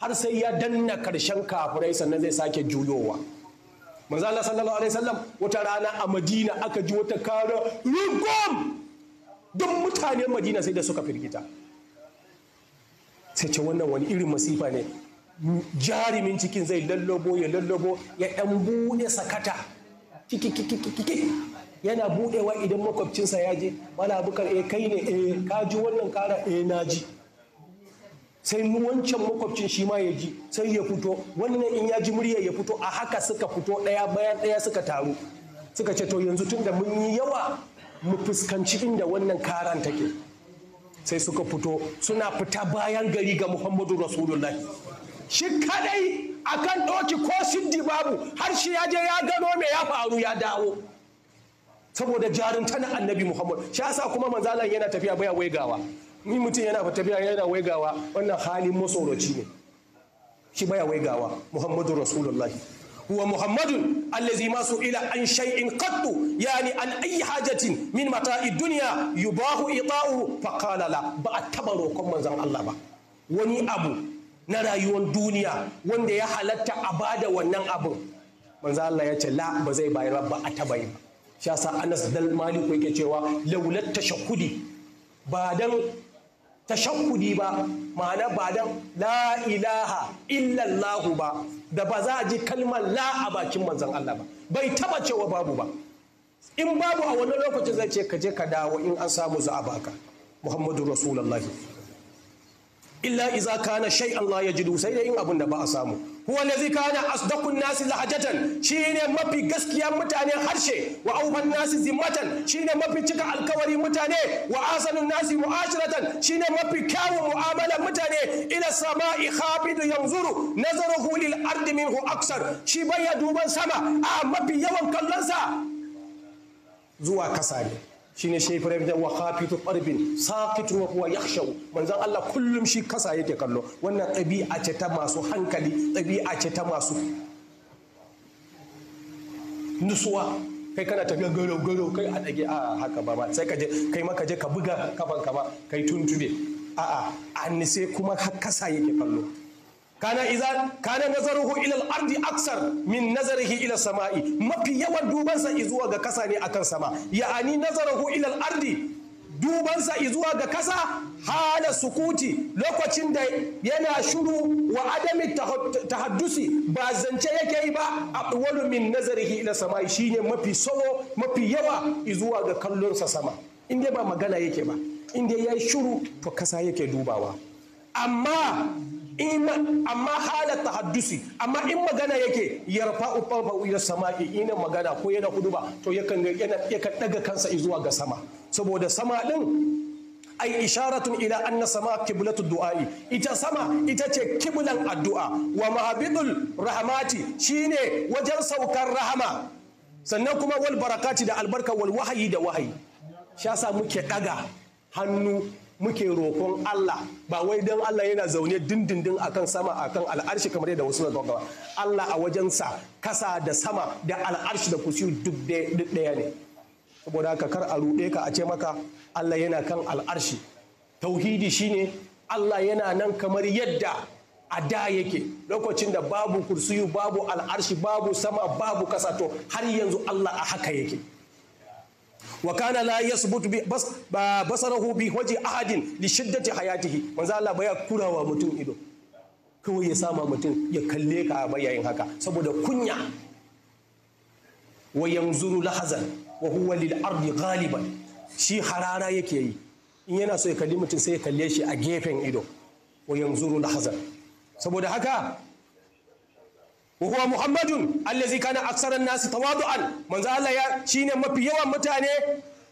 har sai ya danna karshen kafirai sannan zai sake juyowa manzo Allah sallallahu alaihi wasallam wata rana a Madina aka ji wata kara rugum duk mutanen Madina sai da suka firgita sai ce wannan wani irin masifa ne jarumin cikin zai lallabo ya lallabo ya dan bude sakata kiki kiki kiki yana budewa idan makwabcinsa ya je mana bukar eh kai ne eh ka ji wannan kara eh na ji sai wancan makwabcin shi ma ya ji sai ya fito wannan in ya ji murya ya fito a haka suka fito daya bayan daya suka taru suka ce to yanzu tun da mun yi yawa mu fuskanci inda wannan karan take sai suka fito suna fita bayan gari ga muhammadu rasulullah shi kadai akan doki ko siddi babu har shi ya je ya gano me ya faru ya dawo saboda na annabi muhammad shi yasa kuma manzalan yana tafiya baya waigawa ni mutum yana tafiya yana waigawa wannan halin masoroci ne shi baya waigawa muhammadu rasulullahi huwa muhammadun allazi ma ila an shay'in qattu yani an ayi hajatin min mata'id dunya yubahu ita'u fa qala la ba a taba roƙon manzon Allah ba wani abu na rayuwar duniya wanda ya halatta a bada wannan abun manzon Allah ya ce la ba zai bayar ba a taba yi ba sha sa Anas dal Maliku yake cewa laulat tashakkudi ba dan tashakkudi ba ma'ana ba dan la ilaha illallah ba da ba za a ji kalmar la a bakin manzon Allah ba bai taba cewa babu ba in babu a wani lokacin zai ce ka je ka dawo in an samu za a baka Muhammadu Rasulullahi illa iza kana Allah ya ji sai da in abin da ba a samu huwa allazi kana asdaqun nasi lahajatan shine mafi gaskiya mutane harshe wa awfan nasi zimmatan shine mafi cika alkawari mutane wa asanun nasi mu'ashiratan shine mafi kyawun mu'amala mutane ila sama'i khabidu yanzuru nazaruhu lil ardi minhu aksar shi baya duban sama a mafi yawan kallonsa zuwa kasa ne shine shi fara da wa khafitu qarbin saqitu wa huwa yakhshaw manzon Allah kullum shi kasa yake kallo wannan tabi'a ce ta masu hankali Tabi'a ce ta masu nusuwa kai kana tafiya garo garo kai a dage a haka ba sai ka je kai maka je ka buga kafan ka kai tuntube a'a an sai kuma kasa yake kallo kana iza kana nazaruhu ila al-ardi aksar min nazarihi ila sama'i mafi yawan dubansa izuwa ga kasa ne akan sama ya'ani nazaruhu ila al-ardi dubansa izuwa ga kasa hala sukuti lokacin da yana shuru wa adami tahaddusi ba zance yake yi ba a min nazarihi ila sama'i shine mafi sawo mafi yawa izuwa ga kallonsa sama in dai ba magana yake ba in dai yayi shuru to kasa yake dubawa amma amma halar tahaddusi amma in magana yake yarfa ufarfa sama sama'i ina magana ko yana ba to yakan yakan daga kansa zuwa ga sama saboda sama din ai isharatun ila anna sama kiblatu du'a'i ita sama ita ce kiblan addu'a wa mahabidul rahmati shine wajen saukar rahama sannan kuma wal barakati da albarka wal wahayi da wahayi shi yasa muke daga hannu muke roƙon Allah ba wai don Allah yana zaune dindindin akan sama akan al'arshi kamar yadda wasu daga ba Allah a wajensa kasa da sama da al'arshi da kusi duk ɗaya ne saboda haka kar a ruɗe ka a ce maka Allah yana kan al'arshi tauhidi shine Allah yana nan kamar yadda a da yake lokacin da babu kursiyu babu al'arshi babu sama babu kasa to har yanzu Allah a haka yake wa kana la yasbutu bi bas basarahu bi waji ahadin li shiddati hayatihi manzo Allah baya kurawa mutum ido kawai ya sama mutum ya kalle ka a bayayin haka saboda kunya wa yanzuru lahazan wa huwa lil ardi ghaliban shi harara yake yi in yana so ya kalli mutum sai ya kalle shi a gefen ido wa yanzuru lahazan saboda haka huwa muhammadun allazi kana aksaran nasu tawadu'an manzo Allah ya shine mafi yawan mutane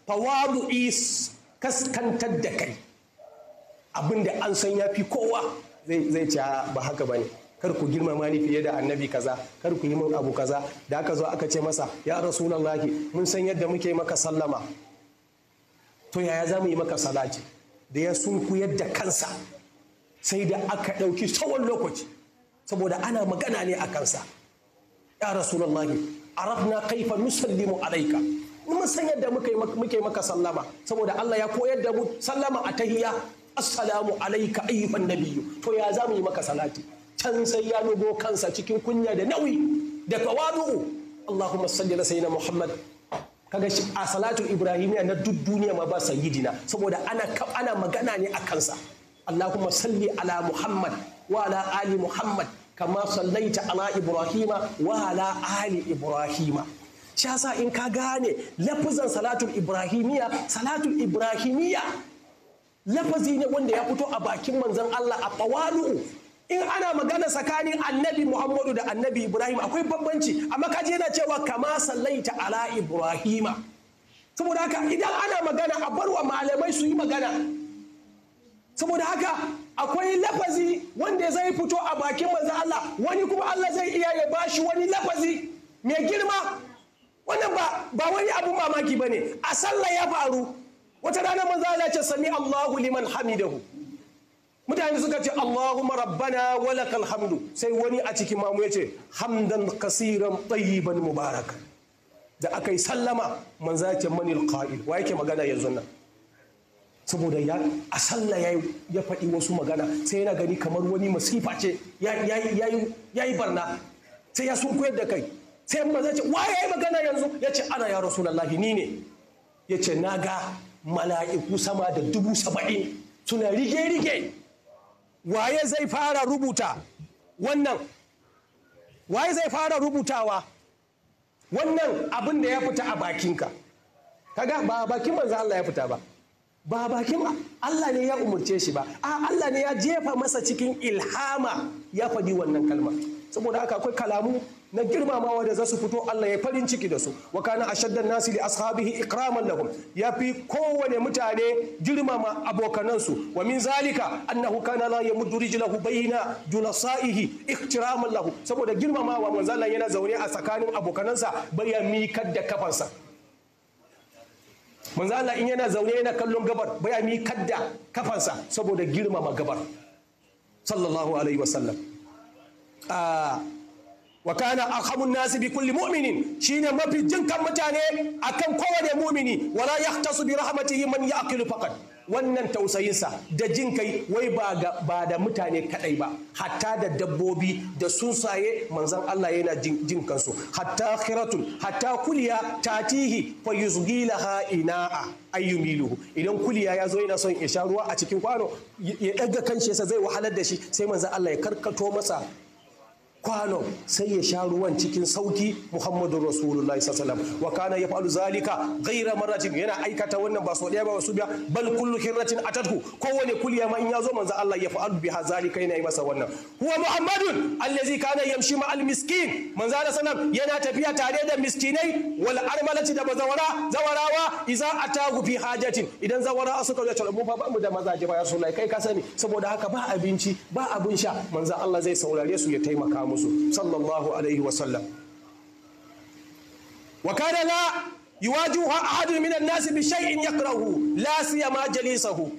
tawadu'i kaskantar da kai abinda an san ya fi kowa zai ci ba haka bane kar ku girmama ni fiye da annabi kaza kar ku yi min abu kaza da aka zo aka ce masa ya rasulullahi mun san yadda muke maka sallama to yaya za mu yi maka salati da ya sunku yadda kansa sai da aka ɗauki tsawon lokaci saboda ana magana ne a kansa ya rasulullahi arafna kaifa nusallimu alaika mun san yadda muka muke maka sallama saboda Allah ya koyar da mu sallama a tahiyya assalamu alaika ayyuhan nabiyyu to ya zamu yi maka salati can sai ya nugo kansa cikin kunya da nauyi da tawadu'u Allahumma salli ala sayyidina Muhammad kaga shi a salatu ibrahimiya na duk duniya ma ba sayyidina saboda ana ana magana ne a kansa Allahumma salli ala Muhammad وعلى آل محمد كما صليت على إبراهيم وعلى آل إبراهيم shasa in ka gane lafazan salatul ibrahimiya salatul ibrahimiya lafazi ne wanda ya fito a bakin manzon Allah a qawalu in ana magana tsakanin annabi Muhammadu da annabi Ibrahim akwai bambanci amma kaje yana cewa kama sallaita ala Ibrahima saboda haka idan ana magana a barwa malamai su yi magana saboda haka akwai lafazi wanda zai fito a bakin manzo Allah wani kuma Allah zai iya ya ba shi wani lafazi mai girma wannan ba wani abun mamaki bane a sallah ya faru wata rana manzo Allah ce sami Allahu liman hamidahu mutane suka ce Allahumma rabbana walakal hamdu sai wani a cikin mamu ya ce hamdan kasiran tayyiban mubarak da aka yi sallama manzo ya ce manil qa'il wa yake magana yanzu nan saboda ya a sallah ya faɗi wasu magana sai yana gani kamar wani masifa ce ya yi barna sai ya sun koyar da kai sai yamma ce wa ya yi magana yanzu ya ce ana ya rasulallahi ni ne ya ce na ga mala'iku sama da dubu saba'in suna rige-rige waye zai fara rubuta wannan waye zai fara rubutawa wannan abin da ya fita a bakinka kaga ba bakin manzo Allah ya fita ba ba bakin Allah ne ya umarce shi ba a Allah ne ya jefa masa cikin ilhama ya faɗi wannan kalma saboda haka akwai kalamu na girmamawa da za su fito Allah ya farin ciki da su wa kana ashaddan nasi li ashabihi ikraman lahum fi kowane mutane girmama abokanan su wa min zalika annahu kana la yamuddu rijlahu bayna julasaihi ikraman lahu saboda girmamawa manzo yana zaune a tsakanin abokanansa bai ya mikar da kafansa manzo Allah in yana zaune yana kallon gabar baya mi kadda kafansa saboda girmama gabar sallallahu alaihi wasallam a ah, wa kana akhamun nasi bi kulli mu'minin shine mafi jinkan mutane akan kowane mu'mini wala yahtasu bi rahmatihi man yaqilu faqat wannan tausayinsa da jin kai wai ba da mutane kadai ba hatta da dabbobi da sunsaye manzan Allah yana jin kansu hatta khiratun hatta kuliya tatihi fa yuzgilaha ina'a ayyumiluhu idan kuliya ya zo yana son ya sha ruwa a cikin kwano ya daga kanshi sa zai wahalar da shi sai manzan Allah ya karkato masa kwanon sai ya sha ruwan cikin sauki muhammadu rasulullahi sallallahu wa kana yaf'alu zalika ghayra marratin yana aikata wannan ba so daya ba wasu biya bal kullu hirratin atatku kowane kulliya ma in yazo manzo Allah yaf'alu biha zalika yana yi masa wannan huwa muhammadun allazi kana yamshi ma al miskin manzo Allah sallam yana tafiya tare da miskinai wal armalati da bazawara zawarawa idza atagu fi hajatin idan zawara suka zo tarbu fa ba mu da mazaje ba ya rasulullahi kai ka sani saboda haka ba abinci ba abin sha manzo Allah zai saurare su ya taimaka musu sallallahu alaihi wasallam wa kana la yuwajihu ahadun min an-nas bi shay'in yakrahu la siyama jalisahu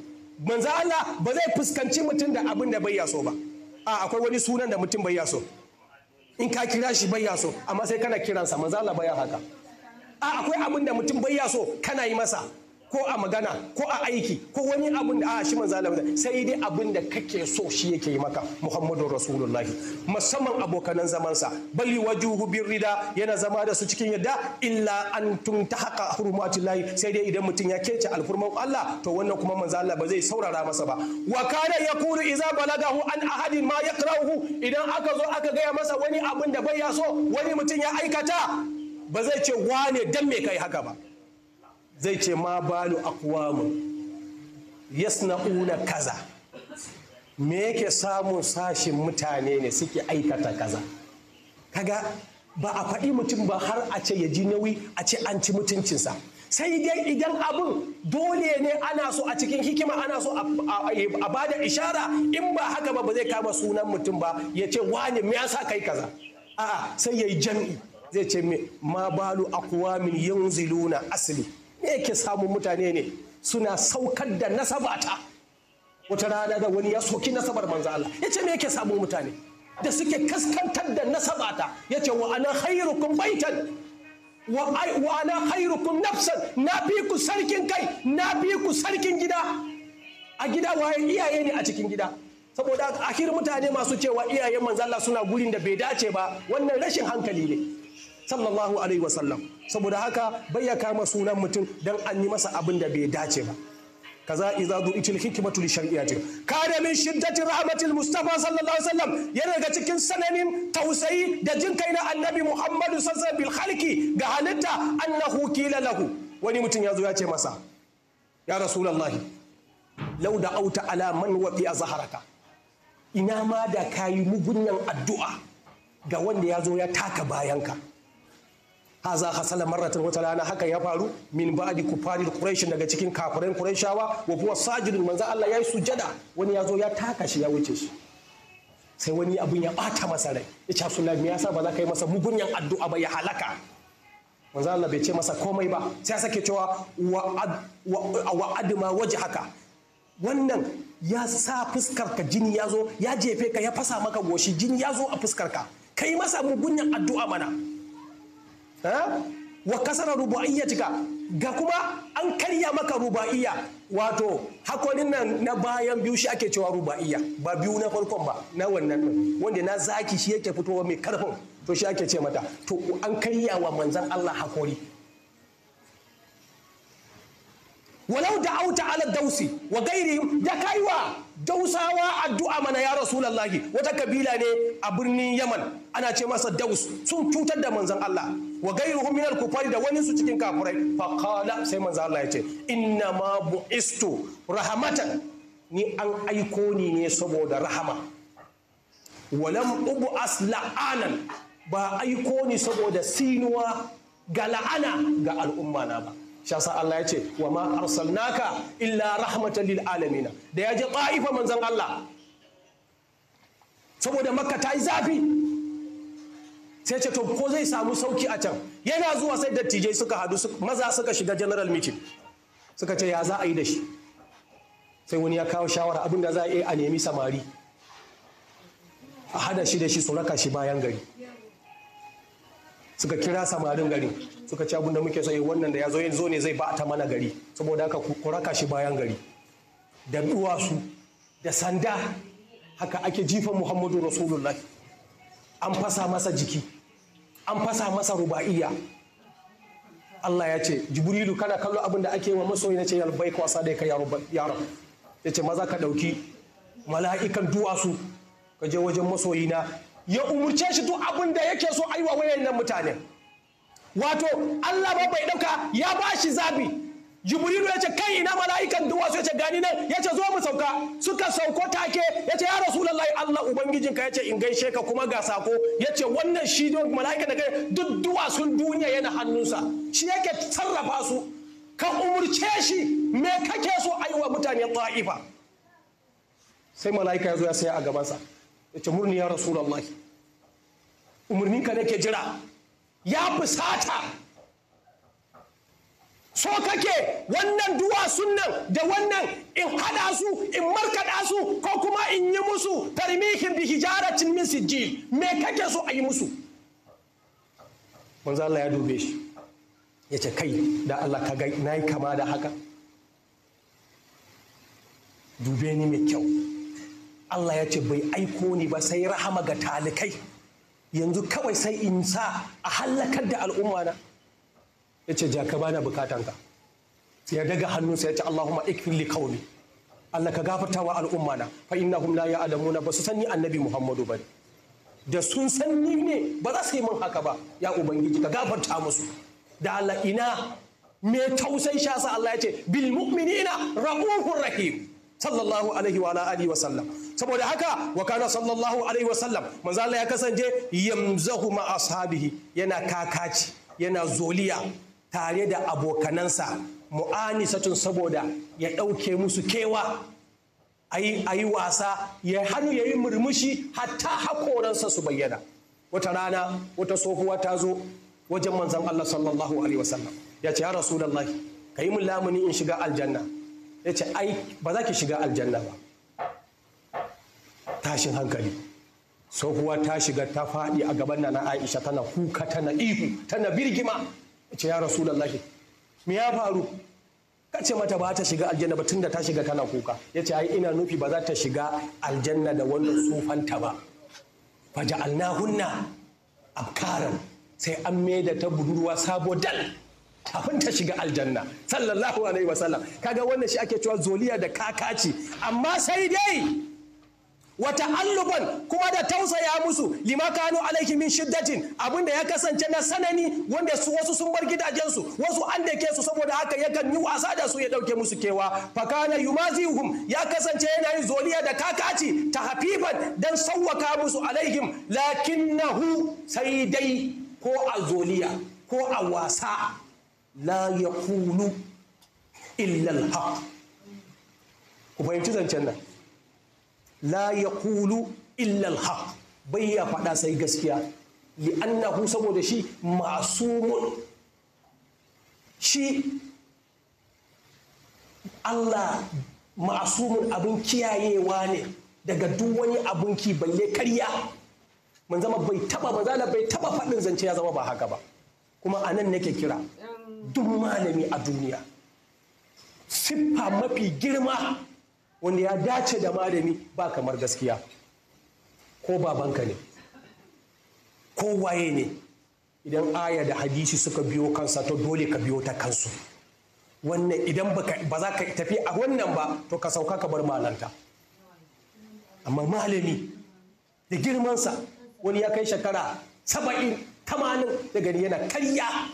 manzo Allah ba zai fuskanci mutum da abin da bai yaso ba a akwai wani sunan da mutum bai yaso in ka kira shi bai yaso amma sai kana kiransa manzo Allah bai haka a akwai abin da mutum bai yaso kana yi masa ko a magana ko a aiki ko wani abun da a shi manzo Allah sai dai abun da kake so shi yake yi maka Muhammadu Rasulullahi musamman abokanan sa bali wajuhu birrida yana zama da su cikin yadda illa an tuntahaqa hurmatillahi sai dai idan mutum ya kece alfurman Allah to wannan kuma manzo Allah ba zai saurara masa ba wa kana yaqulu idza balagahu an ahadin ma yaqrahu idan aka zo aka gaya masa wani abun da bai ya so wani mutum ya aikata ba zai ce wane dan me kai haka ba zai ce ma balu ya yasna'una kaza me yake samun sashin mutane ne suke aikata kaza kaga ba a faɗi mutum ba har a ce ya ji nauyi a ce an ci mutuncinsa sai dai idan abin dole ne ana so a cikin hikima ana so a ba da ishara in ba haka ba ba zai kama sunan mutum ba ya ce wani me yasa kai kaza a'a sai ya yi jam'i zai ce ma balu akwamin yanziluna asali. me yake samun mutane ne suna saukar da nasabata wata rana da wani ya soki nasabar manzo Allah ya ce me yake samun mutane da suke kaskantar da nasabata ya ce wa ana khairukum baitan wa ana khairukum nafsan na fi ku sarkin kai na fi ku sarkin gida a gida waye iyaye ne a cikin gida saboda akhir mutane masu cewa iyayen manzo Allah suna gurin da bai dace ba wannan rashin hankali ne sallallahu alaihi wasallam saboda haka bai ya kama sunan mutum dan an yi masa abin da bai dace ba kaza idza du'itil hikmatu li Ka kada min shiddati rahmatil mustafa sallallahu alaihi wasallam yana daga cikin sananin tausayi da jin kai na annabi muhammadu sallallahu alaihi bil khalqi ga halitta annahu qila lahu wani mutum ya zo ya ce masa ya rasulullahi law auta ala man a Zaharata. ina ma da kayi mugunyan addu'a ga wanda ya zo ya taka bayanka haza hasala marratan wata rana haka ya faru min ba'di kufari quraish daga cikin kafirin quraishawa wa huwa sajidun manzo Allah yayi sujada wani ya zo ya taka shi ya wuce shi sai wani abun ya bata masa rai ya ce Abdullah me yasa ba za ka yi masa mugunyan addu'a ba ya halaka manzo Allah bai ce masa komai ba sai ya sake cewa wa waje haka wannan ya sa fuskar ka jini ya zo ya jefe ka ya fasa maka goshi jini ya zo a fuskar ka kai masa mugunyan addu'a mana wa kasara cika ga kuma an karya maka ruba'iyya wato hakonin nan na bayan biyu shi ake cewa ruba'iyya ba biyu na farkon ba na wannan din wanda na zaki shi yake fitowa mai karfin to shi ake ce mata to an karya wa manzan Allah hakori walau da auta ala dausi wa gairi da kaiwa dausawa addu'a mana ya rasulallahi wata kabila ne a birnin yaman ana ce masa daus sun cutar da manzan Allah wa gairuhum minal kufari da wani su cikin kafirai fa sai manzan Allah ya ce inna ma bu'istu rahmatan ni an aiko ni ne saboda rahama walam ubu asla'anan ba aiko ni saboda sinuwa ga la'ana ga al'umma na ba shasa Allah ya ce wa ma arsalnaka illa rahmatan lil alamin da ya je ta'ifa manzon Allah saboda makka ta yi zafi sai ce to ko zai samu sauki a can yana zuwa sai dattijai suka hadu maza suka shiga general meeting suka ce ya za a yi da shi sai wani ya kawo shawara abinda za a yi a nemi samari a hada shi da shi su raka shi bayan gari suka kira samarin gari suka ci abin da muke so eh, wannan da ya zo zo ne zai ba ta mana gari saboda haka ku raka shi bayan gari da duwatsu da sanda haka ake jifan muhammadu rasulullah an fasa masa jiki an fasa masa ruba'iya Allah ya ce jibrilu kana kallo abin da ake wa masoyi na ce yalbai ko asa da ka yaron ya ce maza ka ɗauki mala'ikan duwatsu ka je wajen masoyina ya umurce shi duk abin da yake so aiwa wayannan mutane wato Allah ba bai dauka ya ba shi zabi jibrilu ya ce kai ina mala'ikan duwatsu ya ce gani nan ya ce zo mu sauka suka sauko take ya ce ya rasulullahi Allah ubangijinka ya ce in gaishe ka kuma ga sako ya ce wannan shi don mala'ikan da kai duk duwatsun duniya yana hannunsa shi yake sarrafa su ka umurce shi me kake so aiwa mutane ta'ifa sai mala'ika ya zo ya saya a gabansa ya ce murni ya rasulallah umarninka nake jira ya fusata so kake wannan duwatsun nan da wannan in hada su in markaɗa su ko kuma in yi musu tarmihin bi hijaratin min sijil me kake so a yi musu manzo Allah ya dube shi yace kai da Allah ka gai na yi kama da haka dube ni mai kyau Allah ya ce bai aiko ni ba sai rahama ga talikai yanzu kawai sai in sa a hallakar da al'umma na ya ce jaka bana bukatanka ya daga hannunsa ya ce Allahumma ikfir li qaumi Allah ka gafarta wa al'umma na fa innahum la ya'lamuna ba su sani annabi Muhammadu ba da sun sanni ne ba za su yi min haka ba ya ubangiji ka gafarta musu da Allah ina me tausayi sha sa Allah ya ce bil mu'minina ra'ufur rahim sallallahu alaihi wa alihi wa sallam saboda haka wa kana sallallahu alaihi wa sallam manzo Allah ya kasance yamzahu ma ashabihi yana kakaci yana zoliya tare da abokanansa mu'anisatun saboda ya ɗauke musu kewa a yi wasa ya hannu yayi yi murmushi hatta hakoransa su bayyana wata rana wata tsohuwa ta zo wajen manzan Allah sallallahu alaihi ya ce ya rasulullahi ka mun lamuni in shiga aljanna ya ce ai ba za ki shiga aljanna ba tashin hankali tsohuwa ta shiga ta faɗi a gaban na aisha tana kuka tana ihu tana birgima Ya ce ya rasu da rasulallahi me ya faru Ka ce mata ba ta shiga aljanna ba tunda ta shiga tana kuka Ya ce ai ina nufi ba za ta shiga aljanna da wannan tsufanta ba faja'alnahunna abkaran sai an da ta budurwa sabo dal abin ta shiga aljanna sallallahu alaihi wasallam kaga wannan shi ake cewa zoliya da kakaci amma sai dai wata alluban kuma da tausaya musu lima kanu alaihi min shiddatin abinda ya kasance na sanani wanda su wasu sun bar gidajensu wasu an dake su saboda haka yakan yi wasa da su ya dauke musu kewa fakana yumazihum ya kasance yana yin zoliya da kakaci ta hafifan dan sawwaka musu alaihim lakinnahu sai dai ko a zoliya ko a wasa la ya kulu illal haq ku fahimci zancen nan la ya kulu illal haq bai ya faɗa sai gaskiya li'annahu saboda shi masumun shi Allah ma'asumin abin kiyayewa ne daga duk wani abin ki balle karya mun zama bai taba manzala bai taba faɗin zance ya zama ba haka ba kuma anan nake kira duk malami a duniya siffa mafi girma wanda ya dace da malami ba kamar gaskiya ko babanka ne ko waye ne idan aya da hadisi suka biyo kansa to dole ka biyo ta kansu wannan idan ba za ka tafi a wannan ba to ka sauka ka bar malanta amma malami da girmansa wani ya kai shekara saba'in tamanin da gani yana karya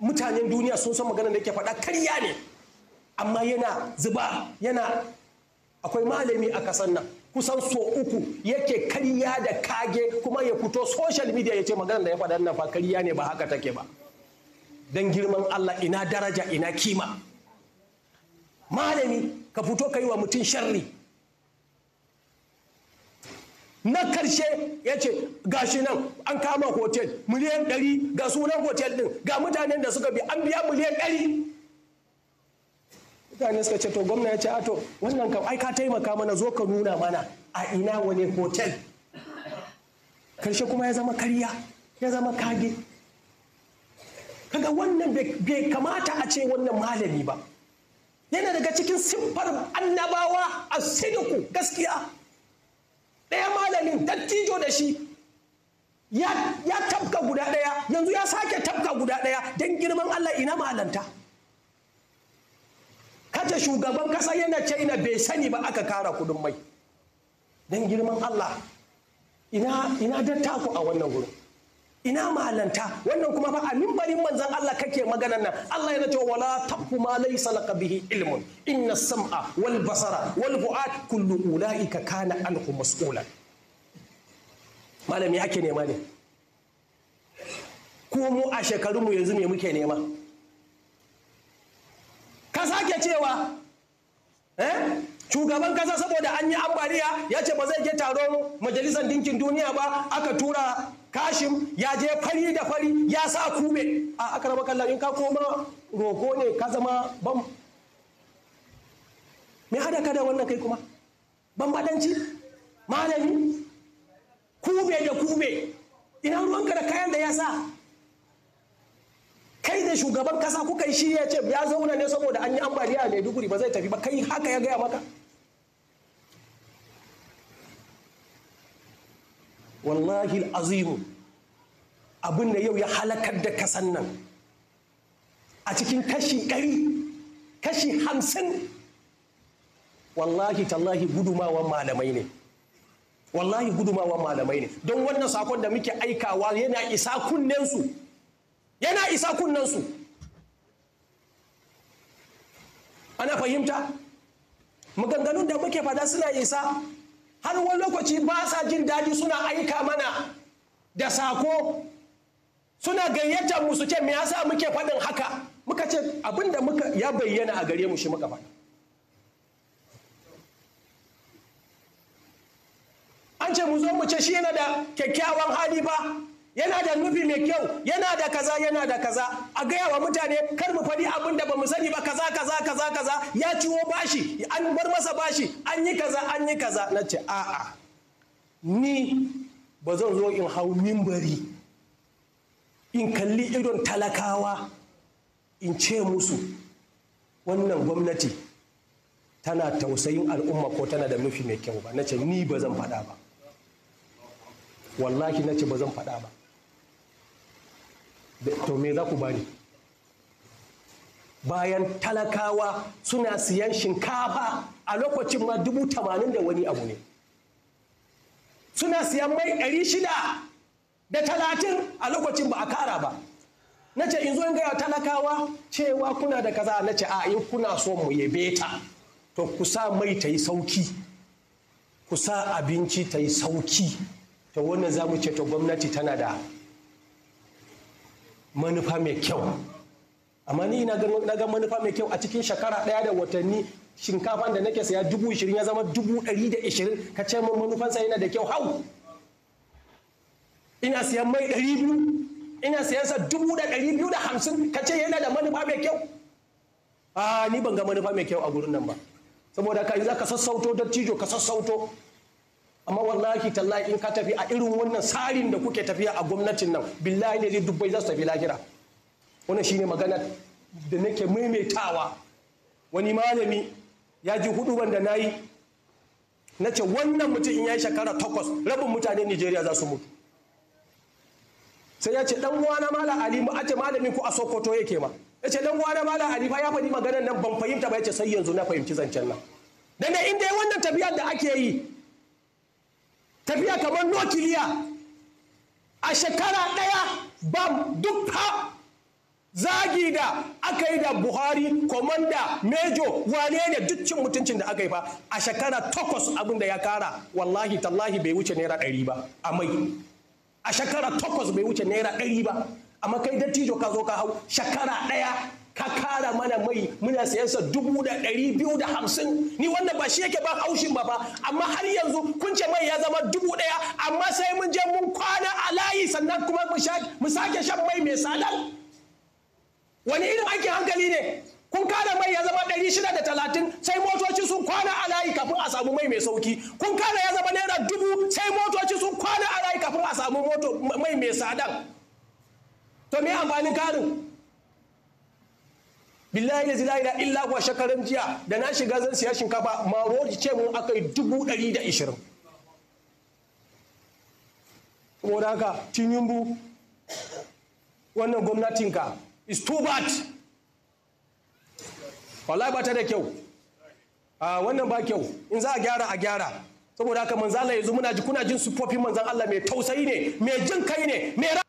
mutanen duniya sun san magana da yake faɗa karya ne amma yana zuba yana akwai malami a kasan nan kusan so uku yake karya da kage kuma ya fito social media ya ce magana da ya faɗa nan fa karya ne ba haka take ba dan girman Allah ina daraja ina kima malami ka fito ka yi wa mutum sharri na karshe ya ce gashi nan an kama hotel miliyan ɗari ga sunan hotel ɗin ga mutanen da suka bi an biya miliyan ɗari mutane suka ce to gwamna ya ce ato wannan kam ai ka taimaka mana zo ka nuna mana a ina wani hotel karshe kuma ya zama karya ya zama kage kaga wannan bai kamata a ce wannan malami ba yana daga cikin siffar annabawa a siniku gaskiya ɗaya malamin dattijo da shi ya tabka guda ɗaya yanzu ya sake tafka guda ɗaya don girman Allah ina malanta kace shugaban kasa yana ce ina bai sani ba aka kara kudin mai don girman Allah ina dattako a wannan wurin. ina malanta wannan kuma fa a mimbarin manzon Allah kake maganan nan Allah yana cewa wala taqfu ma laysa laka bihi ilmun inna sam'a wal basara wal fu'ad kullu ulaika kana anhu mas'ula malami ake nema ne ko mu a shekarun mu yanzu me muke nema ka sake cewa eh shugaban kasa saboda an yi ambaliya ya ce ba zai je taron majalisar dinkin duniya ba aka tura kashim ya je fari da fari ya sa kube a aka raba kallon in ka koma roko ne ka zama ban me hada ka da wannan kai kuma ban badanci malami kube da kube ina ruwanka da kayan da ya sa kai da shugaban kasa kuka yi shi ya ce ya zauna ne saboda an yi ambaliya a maiduguri ba zai tafi ba kai haka ya gaya maka wallahi azimu abin da yau ya halakar da kasan nan a cikin kashi ɗari kashi hamsin wallahi tallahi gudumawan malamai ne wallahi gudumawan malamai ne don wannan sakon da muke aikawa yana isa kunnensu yana isa kunnensu ana fahimta maganganun da muke fada suna isa har wani lokaci ba sa jin daji suna aika mana da sako suna gayyata musu ce me yasa muke faɗin haka muka ce abinda muka ya bayyana a gare mu shi muka faɗa an ce mu zo mu ce shi yana da kyakkyawan hali ba yana da nufi mai kyau yana da kaza yana da kaza a gaya wa mutane kar mu faɗi abin da ba mu sani ba kaza kaza kaza kaza ya ciwo bashi an bar masa bashi an yi kaza an yi kaza na ce a'a ni ba zan zo in hau mimbari in kalli idon talakawa in ce musu wannan gwamnati tana tausayin al'umma ko tana da nufi mai kyau ba na ce ni ba zan faɗa ba wallahi na ce ba zan faɗa ba to me za ku bari bayan talakawa suna siyan shinkafa a lokacin ma dubu tamanin da wani abu ne suna siyan mai ɗari shida da talatin a lokacin ba a kara ba na ce in zo in gaya talakawa cewa kuna da kaza na ce a in kuna so mu yabe ta to ku sa mai ta yi sauki ku sa abinci ta yi sauki ta wannan za mu ce to gwamnati tana da manufa mai kyau amma ni na ga manufa mai kyau a cikin shekara ɗaya da watanni shinkafan da nake saya dubu ishirin ya zama dubu ɗari da ishirin ka ce min manufansa yana da kyau hau ina siyan mai ɗari biyu ina siyansa dubu da ɗari biyu da hamsin ka ce yana da manufa mai kyau a ah, ni ban ga manufa mai kyau a gurin nan ba saboda ka in za ka sassauto dattijo ka sassauto amma wallahi tallahi in ka tafi a irin wannan tsarin da kuke tafiya a gwamnatin nan billahi ne dubbai za su tafi lahira wannan shine magana da nake maimaitawa wani malami ya ji hudu da yi. na ce wannan mutum in ya yi shekara takwas rabin mutane Nijeriya za su mutu sai ya ce dan uwana malam Ali mu ce malamin ku a Sokoto yake ma ya ce dan uwana malam Ali fa ya faɗi maganar nan ban fahimta ba ya ce sai yanzu na fahimci zancen nan dan inda dai wannan tafiyar da ake yi tafiya kamar nukiliya a shekara ɗaya ba duk ha zagi da aka yi da buhari komanda mejo wane ne duk cin mutuncin da aka yi ba a shekara takwas abin da ya kara wallahi tallahi bai wuce naira ɗari ba a mai a shekara takwas bai wuce naira ɗari ba amma kai dattijo ka zo ka hau shekara ɗaya ka kara mana mai muna sayan sa dubu da ɗari biyu da hamsin ni wannan ba shi yake ba haushin ba ba amma har yanzu kun ce mai ya zama dubu ɗaya amma sai mun je mun kwana a layi sannan kuma mu sake shan mai mai tsada wani irin aikin hankali ne kun kara mai ya zama ɗari shida da talatin sai motoci sun kwana a layi kafin a samu mai mai sauki kun kara ya zama naira dubu sai motoci sun kwana a layi kafin a samu mai mai tsada. to me amfanin karin billahi la ilaha illa huwa shakaran jiya da na shiga zan siya shinkafa roji ce mun akai dubu ɗari da ishirin saboda haka tinubu wannan gwamnatinka is too bad wallahi ba ta da kyau wannan ba kyau in za a gyara a gyara saboda haka manzala yanzu muna ji kuna jin sufofin manzan Allah mai tausayi ne mai jin kai ne mai